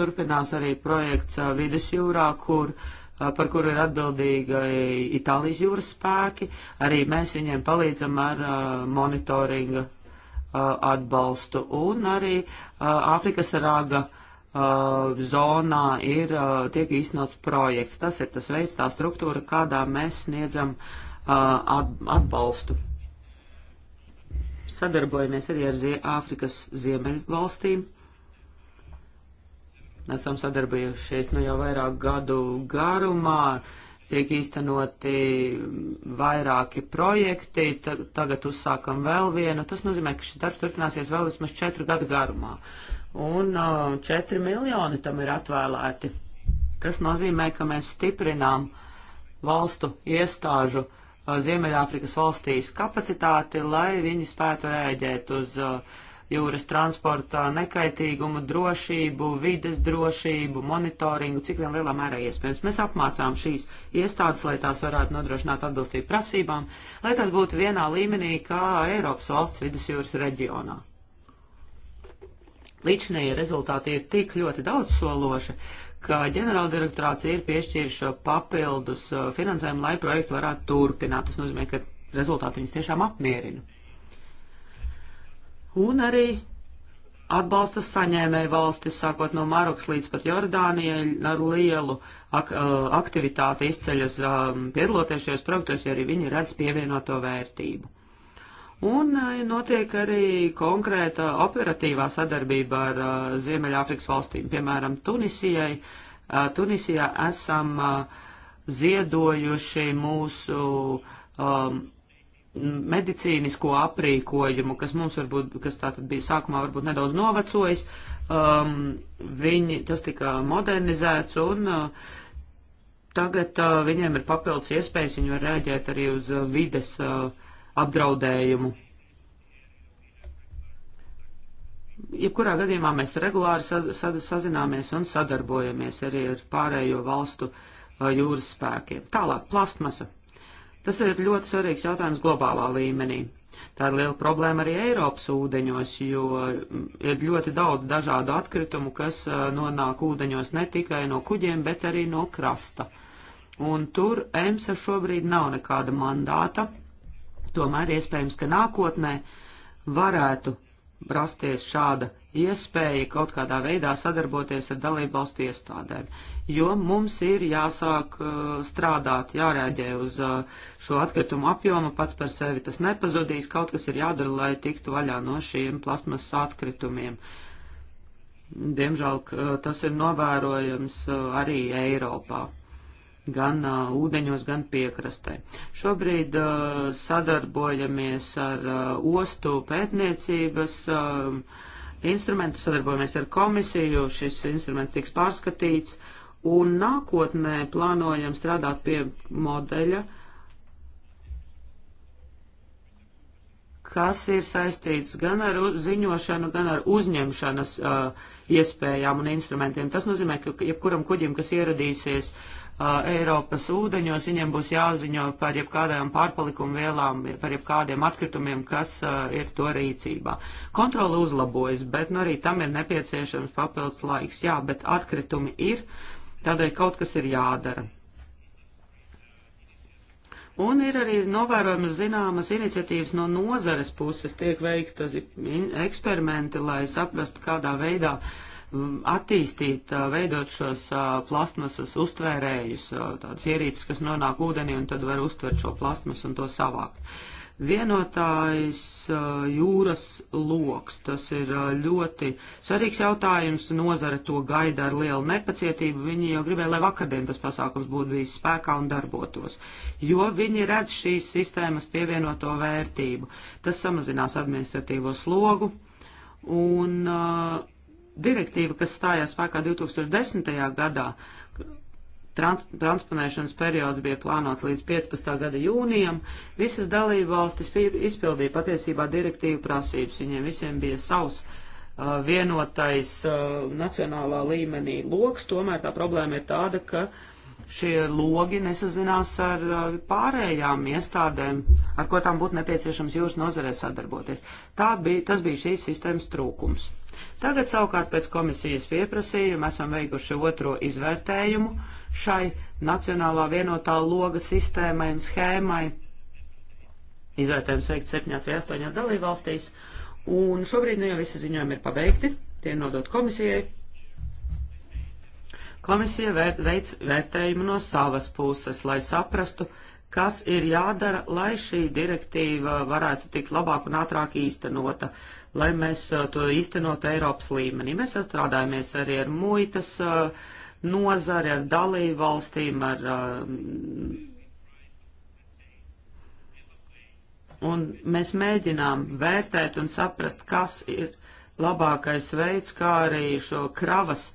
Turpinās arī projekts Vidusjūrā, kur uh, par kuru ir atbildīga Itālijas jūras spēki. Arī mēs viņiem palīdzam ar monitoringa atbalstu. Un arī Āfrikas rāga zonā ir, tiek īstenots projekts. Tas ir tas veids, tā struktūra, kādā mēs sniedzam atbalstu. Sadarbojamies arī ar Āfrikas ziemeļvalstīm. valstīm Esam sadarbojušies nu jau vairāk gadu garumā, tiek īstenoti vairāki projekti, ta tagad uzsākam vēl vienu. Tas nozīmē, ka šis darbs turpināsies vēl vismaz četru gadu garumā. Un uh, četri miljoni tam ir atvēlēti. Tas nozīmē, ka mēs stiprinām valstu iestāžu uh, Ziemeļāfrikas valstīs kapacitāti, lai viņi spētu rēģēt uz uh, jūras transportā nekaitīgumu, drošību, vides drošību, monitoringu, cik vien lielā mērā iespējams. Mēs apmācām šīs iestādes, lai tās varētu nodrošināt atbilstību prasībām, lai tās būtu vienā līmenī kā Eiropas valsts vidusjūras reģionā. Līdšanējie rezultāti ir tik ļoti daudz sološi, ka ģenerāldirektorāts ir piešķīruši papildus uh, finansējumu, lai projektu varētu turpināt. Tas nozīmē, ka rezultāti viņus tiešām apmierina un arī atbalsta saņēmēju valstis, sākot no Marokas līdz pat Jordānijai, ar lielu ak aktivitāti izceļas um, piedaloties šajos projektos, jo arī viņi redz pievienoto vērtību. Un notiek arī konkrēta operatīvā sadarbība ar uh, Ziemeļāfrikas valstīm, piemēram, Tunisijai. Uh, Tunisijā esam uh, ziedojuši mūsu um, medicīnisko aprīkojumu, kas mums varbūt, kas tātad bija sākumā varbūt nedaudz novecojis, um, viņi, tas tika modernizēts un uh, tagad uh, viņiem ir papildus iespējas, viņi var rēģēt arī uz uh, vides uh, apdraudējumu. Jebkurā gadījumā mēs regulāri sa sa sazināmies un sadarbojamies arī ar pārējo valstu uh, jūras spēkiem. Tālāk, plastmasa. Tas ir ļoti svarīgs jautājums globālā līmenī. Tā ir liela problēma arī Eiropas ūdeņos, jo ir ļoti daudz dažādu atkritumu, kas nonāk ūdeņos ne tikai no kuģiem, bet arī no krasta. Un tur EMSA šobrīd nav nekāda mandāta, tomēr iespējams, ka nākotnē varētu rasties šāda iespēja kaut kādā veidā sadarboties ar dalībvalstu iestādēm, jo mums ir jāsāk uh, strādāt, jārēģē uz uh, šo atkritumu apjomu, pats par sevi tas nepazudīs, kaut kas ir jādara, lai tiktu vaļā no šiem plasmas atkritumiem. Diemžēl uh, tas ir novērojams uh, arī Eiropā gan uh, ūdeņos, gan piekrastē. Šobrīd uh, sadarbojamies ar uh, ostu pētniecības um, instrumentu, sadarbojamies ar komisiju, šis instruments tiks pārskatīts, un nākotnē plānojam strādāt pie modeļa, kas ir saistīts gan ar ziņošanu, gan ar uzņemšanas uh, iespējām un instrumentiem. Tas nozīmē, ka jebkuram kuģim, kas ieradīsies uh, Eiropas ūdeņos, viņiem būs jāziņo par jebkādām pārpalikumu vielām, par jebkādiem atkritumiem, kas uh, ir to rīcībā. Kontrola uzlabojas, bet nu, arī tam ir nepieciešams papildus laiks. Jā, bet atkritumi ir, tādēļ kaut kas ir jādara. Un ir arī novērojamas zināmas iniciatīvas no nozares puses, tiek veiktas eksperimenti, lai saprastu, kādā veidā uh, attīstīt, veidot šos plastmasas uztvērējus, tādas ierīces, kas nonāk ūdenī un tad var uztvert šo plastmasu un to savākt. Vienotājs jūras loks, tas ir ļoti svarīgs jautājums, nozare to gaida ar lielu nepacietību, viņi jau gribēja, lai vakardien tas pasākums būtu bijis spēkā un darbotos, jo viņi redz šīs sistēmas pievienoto vērtību. Tas samazinās administratīvo slogu un uh, direktīva, kas stājās spēkā 2010. gadā, trans transponēšanas periods bija plānots līdz 15. gada jūnijam, visas dalība valstis izpildīja patiesībā direktīvu prasības. Viņiem visiem bija savs uh, vienotais uh, nacionālā līmenī loks, tomēr tā problēma ir tāda, ka uh, šie logi nesazinās ar uh, pārējām iestādēm, ar ko tām būtu nepieciešams jūsu nozarē sadarboties. Tā bija, tas bija šīs sistēmas trūkums. Tagad savukārt pēc komisijas pieprasījuma esam veikuši otro izvērtējumu šai Nacionālā vienotā loga sistēmai un schēmai. Izvērtējums veikts 7 vai 8 dalībvalstīs, un šobrīd nu jau visi ziņojumi ir pabeigti, tie nodot komisijai, Komisija vērt, veic vērtējumu no savas puses, lai saprastu, kas ir jādara, lai šī direktīva varētu tikt labāk un ātrāk īstenota, lai mēs uh, to īstenot Eiropas līmenī. Mēs sastrādājamies arī ar muitas uh, nozari, ar dalību valstīm, ar. Uh, un mēs mēģinām vērtēt un saprast, kas ir labākais veids, kā arī šo kravas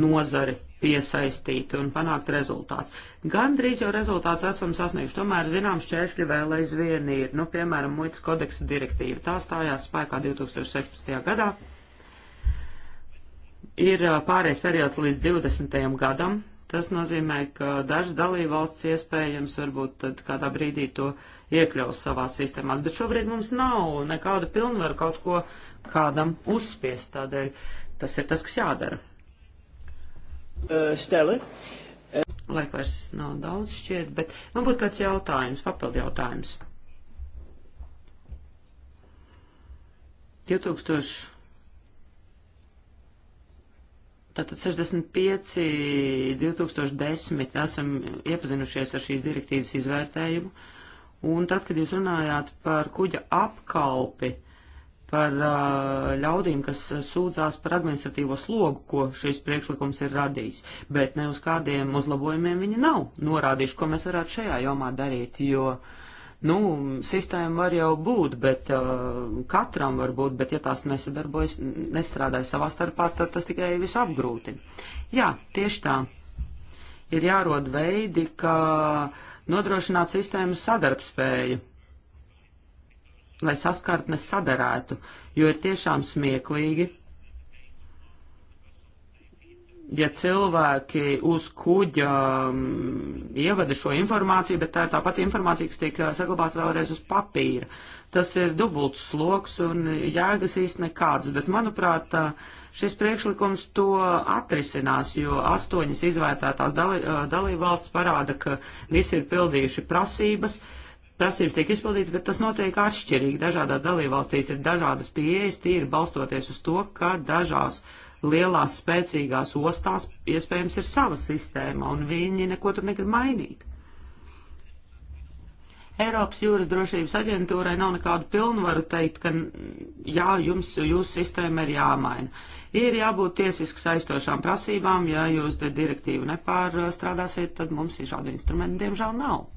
nozari piesaistīt un panākt rezultāts. Gan drīz jau rezultāts esam sasnieguši, tomēr zinām šķēršļi vēl aizvien ir, nu, piemēram, muitas kodeksa direktīva. Tā stājās spēkā 2016. gadā. Ir pārējais periods līdz 20. gadam. Tas nozīmē, ka dažas dalībvalsts iespējams varbūt tad kādā brīdī to iekļaus savā sistēmās, bet šobrīd mums nav nekāda pilnvaru kaut ko kādam uzspiest, tādēļ tas ir tas, kas jādara. Uh, stellen. Laika vairs nav daudz šķiet, bet man būtu kāds jautājums, papildu jautājums. 2000. Tātad 65, 2010 esam iepazinušies ar šīs direktīvas izvērtējumu, un tad, kad jūs runājāt par kuģa apkalpi, uh, par ļaudīm, kas sūdzās par administratīvo slogu, ko šis priekšlikums ir radījis, bet ne uz kādiem uzlabojumiem viņi nav norādījuši, ko mēs varētu šajā jomā darīt, jo, nu, sistēma var jau būt, bet uh, katram var būt, bet ja tās nesadarbojas, nestrādāja savā starpā, tad tas tikai visu apgrūtina. Jā, tieši tā. Ir jārod veidi, kā nodrošināt sistēmas sadarbspēju lai saskartnes sadarētu, jo ir tiešām smieklīgi, ja cilvēki uz kuģa um, ievada šo informāciju, bet tā ir tā pati informācija, kas tiek eh, saglabāta vēlreiz uz papīra. Tas ir dubults sloks un jēgas īsti nekādas, bet manuprāt, eh, šis priekšlikums to atrisinās, jo astoņas izvērtētās dalī, eh, dalībvalsts parāda, ka visi ir pildījuši prasības. Uh, prasības tiek izpildītas, bet tas notiek atšķirīgi. Dažādās dalībvalstīs ir dažādas pieejas, tīri balstoties uz to, ka dažās lielās spēcīgās ostās iespējams ir sava sistēma, un viņi neko tur negrib mainīt. Eiropas jūras drošības aģentūrai nav nekādu pilnvaru teikt, ka jā, jums jūsu sistēma ir jāmaina. Ir jābūt tiesiski saistošām prasībām, ja jūs te direktīvu nepārstrādāsiet, tad mums ir šādi instrumenti, diemžēl nav.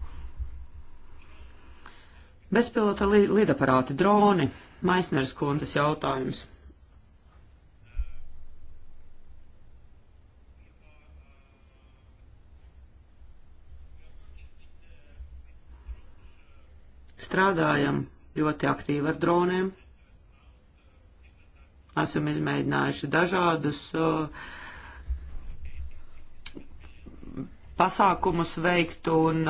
Bezpilota li lidaparāti, droni, Maisneres kundzes jautājums. Strādājam ļoti aktīvi ar droniem. Esam izmēģinājuši dažādus uh, pasākumus veikt, un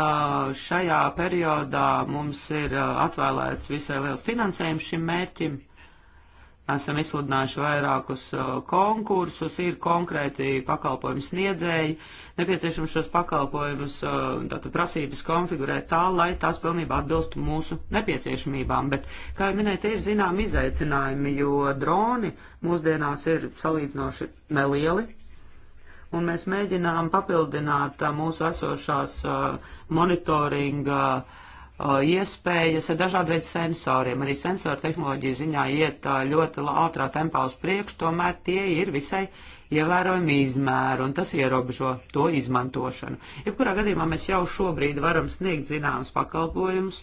šajā periodā mums ir atvēlēts visai liels finansējums šim mērķim. Esam izsludinājuši vairākus konkursus, ir konkrēti pakalpojumu sniedzēji, nepieciešams šos pakalpojumus, tātad prasības konfigurēt tā, lai tās pilnībā atbilstu mūsu nepieciešamībām. Bet, kā jau minēju, ir zinām izaicinājumi, jo droni mūsdienās ir salīdzinoši nelieli, un mēs mēģinām papildināt mūsu esošās monitoringa iespējas ar dažādu veidu sensoriem. Arī sensoru tehnoloģiju ziņā iet ļoti ātrā tempā uz priekšu, tomēr tie ir visai ievērojami izmēri, un tas ierobežo to izmantošanu. Jebkurā gadījumā mēs jau šobrīd varam sniegt zināmas pakalpojumus,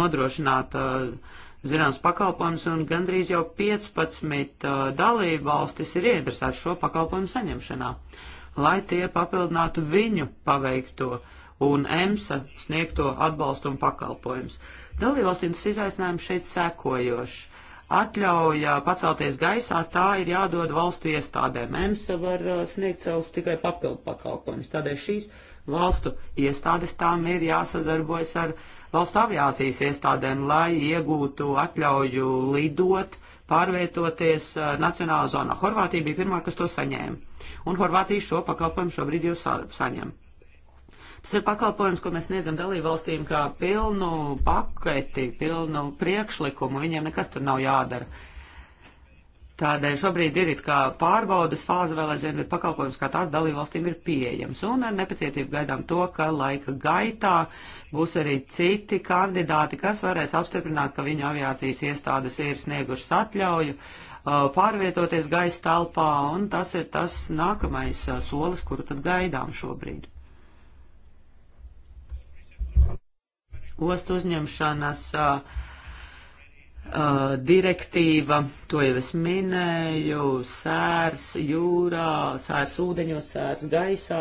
nodrošināt uh, zināms pakalpojums, un gandrīz jau 15 uh, dalību valstis ir ieinteresētas šo pakalpojumu saņemšanā, lai tie papildinātu viņu paveikto un EMSA sniegto atbalstu un pakalpojumus. Dalībvalstīm tas izaicinājums šeit sekojošs. Atļauja pacelties gaisā, tā ir jādod valstu iestādēm. EMSA var uh, sniegt savus tikai papildu pakalpojumus. Tādēļ šīs valstu iestādes tām ir jāsadarbojas ar uh, valstu aviācijas iestādēm, lai iegūtu atļauju lidot, pārvietoties eh, nacionālā zonā. Horvātija bija pirmā, kas to saņēma, un Horvātija šo pakalpojumu šobrīd jau sa saņem. Tas ir pakalpojums, ko mēs sniedzam dalībvalstīm kā pilnu paketi, pilnu priekšlikumu, viņiem nekas tur nav jādara Tādēļ šobrīd ir it kā pārbaudas fāze vēl aizvien, bet pakalpojums kā tās dalībvalstīm ir pieejams. Un ar nepacietību gaidām to, ka laika gaitā būs arī citi kandidāti, kas varēs apstiprināt, ka viņu aviācijas iestādes ir sniegušas atļauju uh, pārvietoties gaisa telpā, un tas ir tas nākamais uh, solis, kuru tad gaidām šobrīd. Ostu uzņemšanas uh, Uh, direktīva, to jau es minēju, sērs jūrā, sērs ūdeņos, sērs gaisā.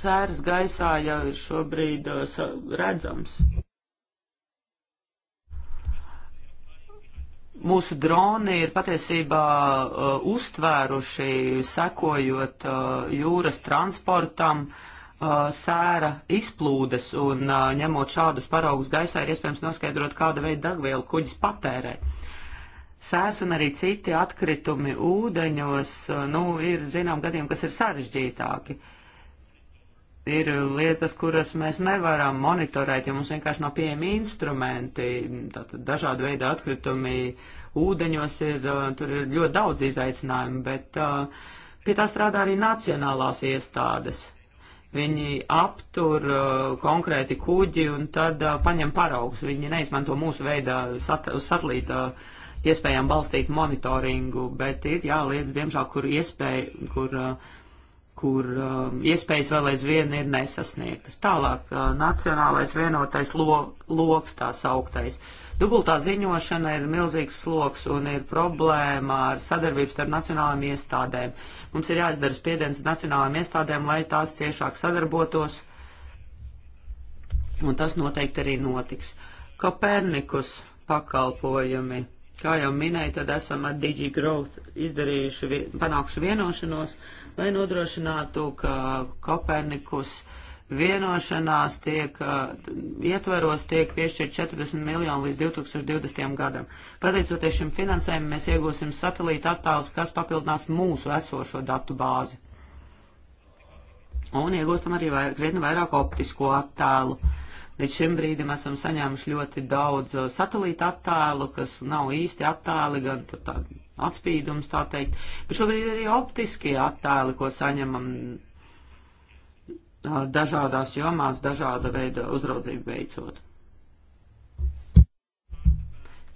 Sērs gaisā jau ir šobrīd uh, redzams. Mūsu droni ir patiesībā uh, uztvēruši, sekojot uh, jūras transportam, uh, uh, sēra izplūdes, un uh, ņemot šādus paraugus gaisā, ir iespējams noskaidrot, kāda veida degvielu kuģis patērē. Sēs un arī citi atkritumi ūdeņos, uh, nu, ir zinām gadiem, kas ir sarežģītāki. Ir lietas, kuras mēs nevaram monitorēt, jo mums vienkārši nav pieejami instrumenti, tātad dažādi veidi atkritumi ūdeņos ir, uh, tur ir ļoti daudz izaicinājumu, bet uh, pie tā strādā arī nacionālās iestādes Viņi aptur uh, konkrēti kuģi un tad uh, paņem paraugus. Viņi neizmanto mūsu veidā sat uz satelīta uh, iespējām balstīt monitoringu, bet ir jāliec, diemžēl, kur iespēja, kur uh, kur um, iespējas vēl aizvien ir nesasniegtas. Tālāk, uh, nacionālais vienotais lo, loks, tā sauktais. Dubultā ziņošana ir milzīgs sloks un ir problēma ar sadarbību starp nacionālām iestādēm. Mums ir jāizdara spiediens nacionālām iestādēm, lai tās ciešāk sadarbotos, un tas noteikti arī notiks. Kopernikus pakalpojumi. Kā jau minēju, tad esam ar DigiGrowth izdarījuši, panākuši vienošanos, uh, lai nodrošinātu, ka Kopernikus vienošanās tiek, eh, ietveros tiek piešķirt 40 miljonu līdz 2020. gadam. Pateicoties šim finansējumam, mēs iegūsim satelīta attēlus, kas papildinās mūsu esošo datu bāzi. Un iegūstam arī vair, krietni vairāk optisko attēlu. Līdz šim brīdim esam saņēmuši ļoti daudz eh, satelīta attēlu, kas nav īsti attēli, gan tā, atspīdums, tā teikt. Bet šobrīd arī optiskie attēli, ko saņemam dažādās jomās, dažāda veida uzraudzību veicot.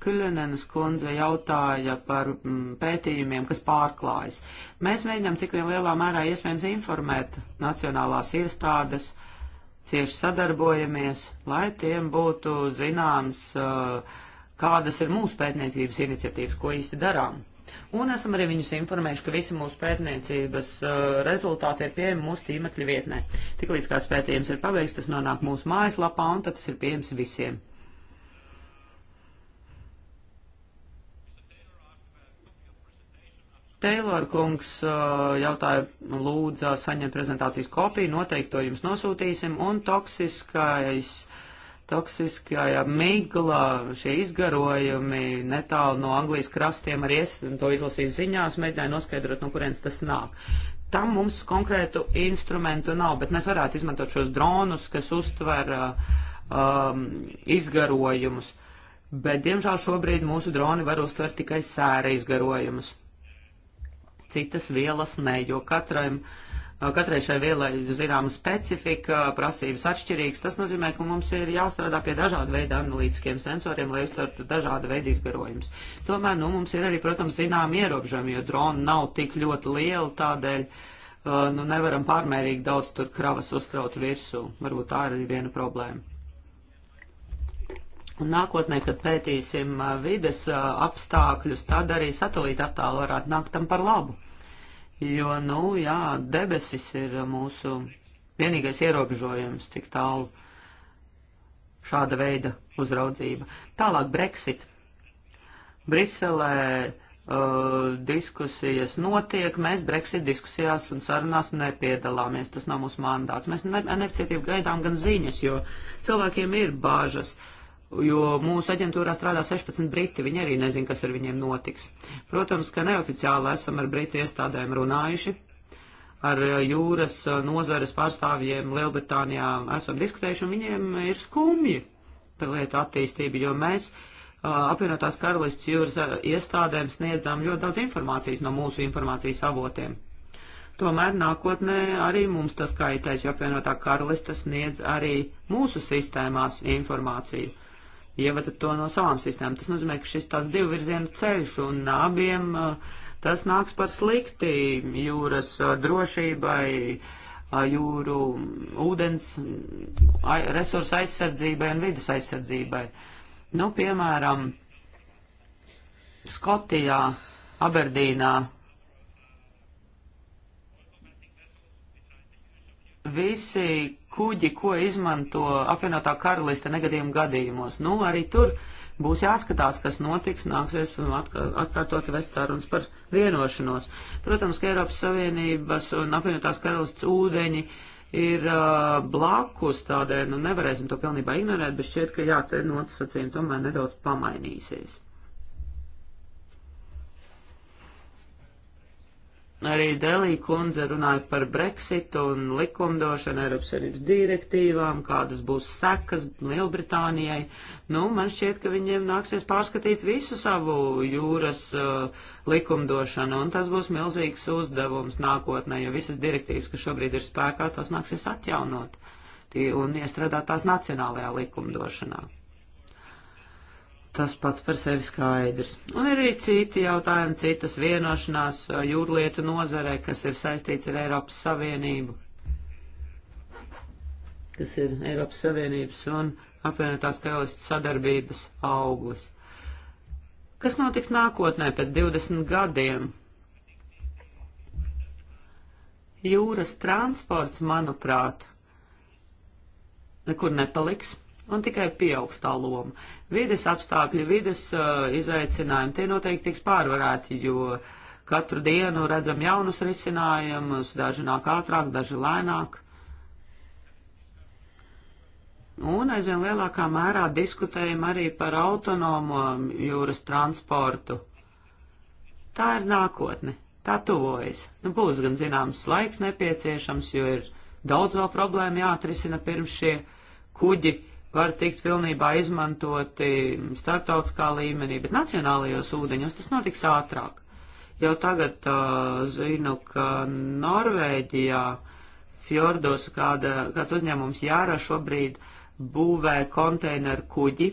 Kuļinenes kundze jautāja par m, mm, pētījumiem, kas pārklājas. Mēs mēģinām cik vien lielā mērā iespējams informēt nacionālās iestādes, cieši sadarbojamies, lai tiem būtu zināms, kādas ir mūsu pētniecības iniciatīvas, ko īsti darām. Un esam arī viņus informējuši, ka visi mūsu pētniecības uh, rezultāti ir pieejami mūsu tīmekļa vietnē. Tiklīdz kāds pētījums ir paveikts, tas nonāk mūsu mājaslapā un tad tas ir pieejams visiem. Teilor kungs uh, jautāja, lūdza saņemt prezentācijas kopiju, noteikti to jums nosūtīsim, un toksiskais toksiskajā miglā, šie izgarojumi netālu no Anglijas krastiem arī es to izlasīju ziņās, mēģināju noskaidrot, no kurienes tas nāk. Tam mums konkrētu instrumentu nav, bet mēs varētu izmantot šos dronus, kas uztver uh, um, izgarojumus. Bet, diemžēl, šobrīd mūsu droni var uztvert tikai sēra izgarojumus. Citas vielas nē, jo katram uh, Katrai šai vielai zināma specifika, prasības atšķirīgas. Tas nozīmē, ka mums ir jāstrādā pie dažāda veida analītiskiem sensoriem, lai uztvertu dažāda veida izgarojumus. Tomēr, nu, mums ir arī, protams, zinām ierobežojumi, jo droni nav tik ļoti lieli tādēļ. Uh, nu, nevaram pārmērīgi daudz tur kravas uzkraut virsū. Varbūt tā ir arī viena problēma. Un nākotnē, kad pētīsim uh, vides uh, apstākļus, tad arī satelīta attēlu varētu nākt tam par labu jo, nu, jā, debesis ir mūsu vienīgais ierobežojums, cik tālu šāda veida uzraudzība. Tālāk Brexit. Briselē uh, diskusijas notiek, mēs Brexit diskusijās un sarunās nepiedalāmies, tas nav mūsu mandāts. Mēs ar nepacietību gaidām gan ziņas, jo cilvēkiem ir bāžas. Uh, jo mūsu aģentūrā strādā 16 briti, viņi arī nezina, kas ar viņiem notiks. Protams, ka neoficiāli esam ar britu iestādēm runājuši, ar eh, jūras eh, nozares pārstāvjiem Lielbritānijā esam diskutējuši, un viņiem ir skumji par lietu attīstību, jo mēs eh, apvienotās karalists jūras iestādēm sniedzām ļoti daudz informācijas no mūsu informācijas avotiem. Tomēr nākotnē arī mums tas kaitēs, jo apvienotā karalista sniedz arī mūsu sistēmās informāciju. Uh, ievedat to no savām sistēmām. Tas nozīmē, ka šis tāds divu virzienu ceļš un abiem tas nāks par slikti jūras drošībai, jūru ūdens resursu aizsardzībai un vidas aizsardzībai. Nu, piemēram, Skotijā, Aberdīnā visi kuģi, ko izmanto apvienotā karaliste negadījuma gadījumos. Nu, arī tur būs jāskatās, kas notiks, nāksies atkārtot vest sarunas par vienošanos. Protams, ka Eiropas Savienības un apvienotās karalistes ūdeņi ir uh, blakus, tādēļ nu, nevarēsim to pilnībā ignorēt, bet šķiet, ka jā, te notasacījumi tomēr nedaudz pamainīsies. Arī Delī kundze runāja par Brexitu un likumdošanu Eiropas Savienības direktīvām, kādas būs sekas Lielbritānijai. Nu, man šķiet, ka viņiem nāksies pārskatīt visu savu jūras uh, likumdošanu, un tas būs milzīgs uzdevums nākotnē, jo visas direktīvas, kas šobrīd ir spēkā, tās nāksies atjaunot un iestrādāt tās nacionālajā likumdošanā tas pats par sevi skaidrs. Un ir arī citi jautājumi, citas vienošanās eh, jūrlietu nozarē, kas ir saistīts ar Eiropas Savienību, kas ir Eiropas Savienības un apvienotās karalistas sadarbības auglis. Kas notiks nākotnē pēc 20 gadiem? Jūras transports, manuprāt, nekur nepaliks un tikai pieaugs tā loma. Vides apstākļi, vides uh, izaicinājumi, tie noteikti tiks pārvarēti, jo katru dienu redzam jaunus risinājumus, daži nāk ātrāk, daži lēnāk. Un aizvien lielākā mērā diskutējam arī par autonomo jūras transportu. Tā ir nākotne, tā tuvojas. Nu, būs gan zināms laiks nepieciešams, jo ir daudz vēl problēmu jāatrisina pirms šie kuģi var tikt pilnībā izmantoti starptautiskā līmenī, bet nacionālajos ūdeņos tas notiks ātrāk. Jau tagad uh, zinu, ka Norvēģijā fjordos kāda, kāds uzņēmums Jāra šobrīd būvē konteineru kuģi,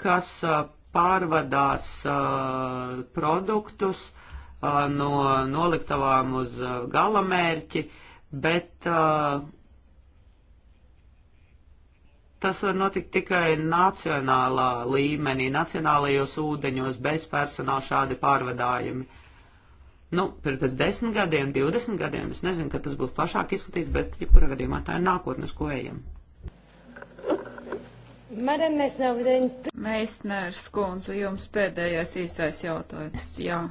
kas uh, pārvadās uh, produktus uh, no noliktavām uz uh, galamērķi, bet uh, Tas var notikt tikai nacionālā līmenī, nacionālajos ūdeņos, bez personāla šādi pārvadājumi. Nu, pēc 10 gadiem, 20 gadiem, es nezinu, kad tas būs plašāk izplatīts, bet jebkurā gadījumā tā ir nākotnes, ko ejam. Madam Meisners, kundze, jums pēdējais īsais jautājums. Jā.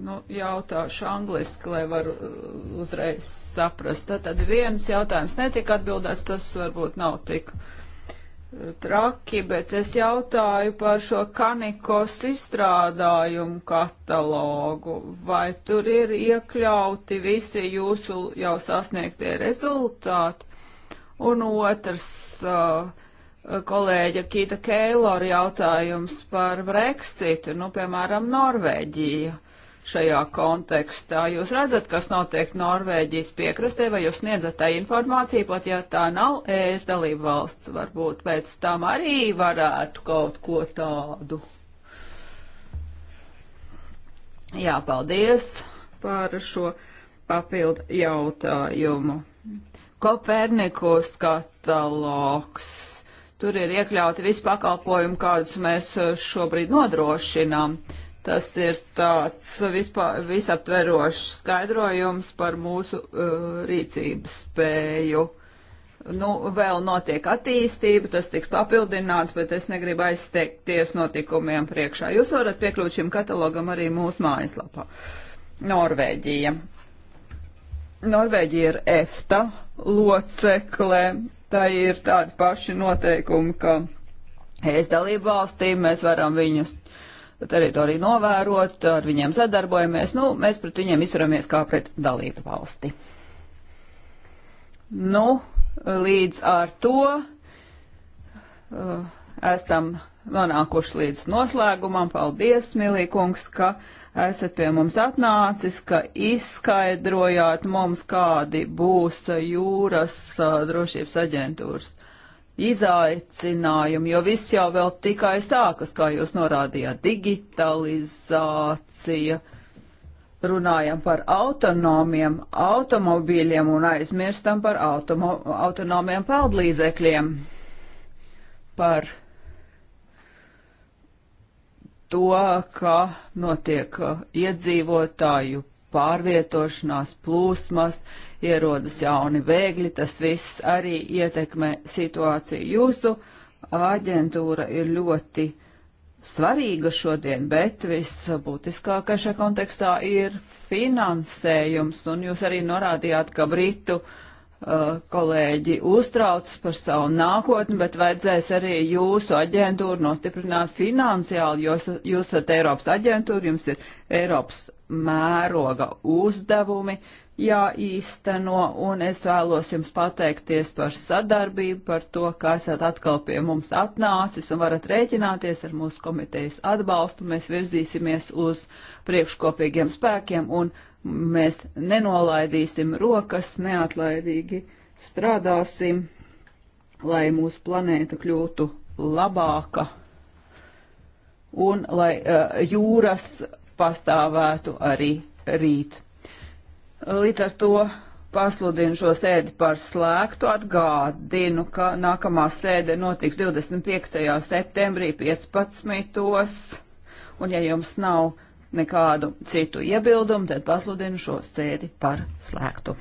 Nu, jautāšu angliski, lai varu uh, uzreiz saprast. Tad viens jautājums netika atbildēts, tas varbūt nav tik uh, traki, bet es jautāju par šo kanikos izstrādājumu katalogu. Vai tur ir iekļauti visi jūsu jau sasniegtie rezultāti? Un otrs. Uh, kolēģa Kita Keilora jautājums par Brexitu, nu, piemēram, Norvēģiju šajā kontekstā. Jūs redzat, kas notiek Norvēģijas piekrastē, vai jūs sniedzat tā informāciju, pat ja tā nav ēst dalība valsts, varbūt pēc tam arī varētu kaut ko tādu. Jā, paldies par šo papildu jautājumu. Kopernikus katalogs. Tur ir iekļauti visi pakalpojumi, kādus mēs šobrīd nodrošinām. Uh, Tas ir tāds vispār, visaptverošs skaidrojums par mūsu uh, rīcības spēju. Nu, vēl notiek attīstība, tas tiks papildināts, bet es negribu aizsteigties notikumiem priekšā. Jūs varat piekļūt šim katalogam arī mūsu mājaslapā. Norvēģija. Norvēģija ir EFTA locekle. Tā ir tādi paši noteikumi, ka es dalību valstīm mēs varam viņus uh, teritoriju novērot, ar viņiem sadarbojamies. Nu, mēs pret viņiem izturamies kā pret dalību valsti. Nu, līdz ar to uh, esam nonākuši līdz noslēgumam. Paldies, Milīkungs, ka esat pie mums atnācis, ka izskaidrojāt mums, kādi būs jūras uh, drošības aģentūras izaicinājumi, jo viss jau vēl tikai sākas, kā jūs norādījāt, digitalizācija. Runājam par autonomiem automobīļiem un aizmirstam par automo, autonomiem peldlīdzekļiem, par to, kā notiek uh, iedzīvotāju pārvietošanās plūsmas, ierodas jauni bēgļi, tas viss arī ietekmē situāciju. Jūsu aģentūra ir ļoti svarīga šodien, bet visbūtiskākais šajā kontekstā ir finansējums, un jūs arī norādījāt, ka Britu uh, Uh, kolēģi uztrauc par savu nākotni, bet vajadzēs arī jūsu aģentūru nostiprināt finansiāli, jo jūs, jūs esat Eiropas aģentūra, jums ir Eiropas mēroga uzdevumi jāīsteno, un es vēlos jums pateikties par sadarbību, par to, ka esat atkal pie mums atnācis un varat rēķināties ar mūsu komitejas atbalstu. Mēs virzīsimies uz priekškopīgiem spēkiem un Mēs nenolaidīsim rokas, neatlaidīgi strādāsim, lai mūsu planēta kļūtu labāka un lai uh, jūras pastāvētu arī rīt. Līdz ar to pasludinu šo sēdi par slēgtu, atgādinu, ka nākamā sēde notiks 25. septembrī 15. un ja jums nav nekādu citu iebildumu, tad pasludinu šo sēdi par slēgtu.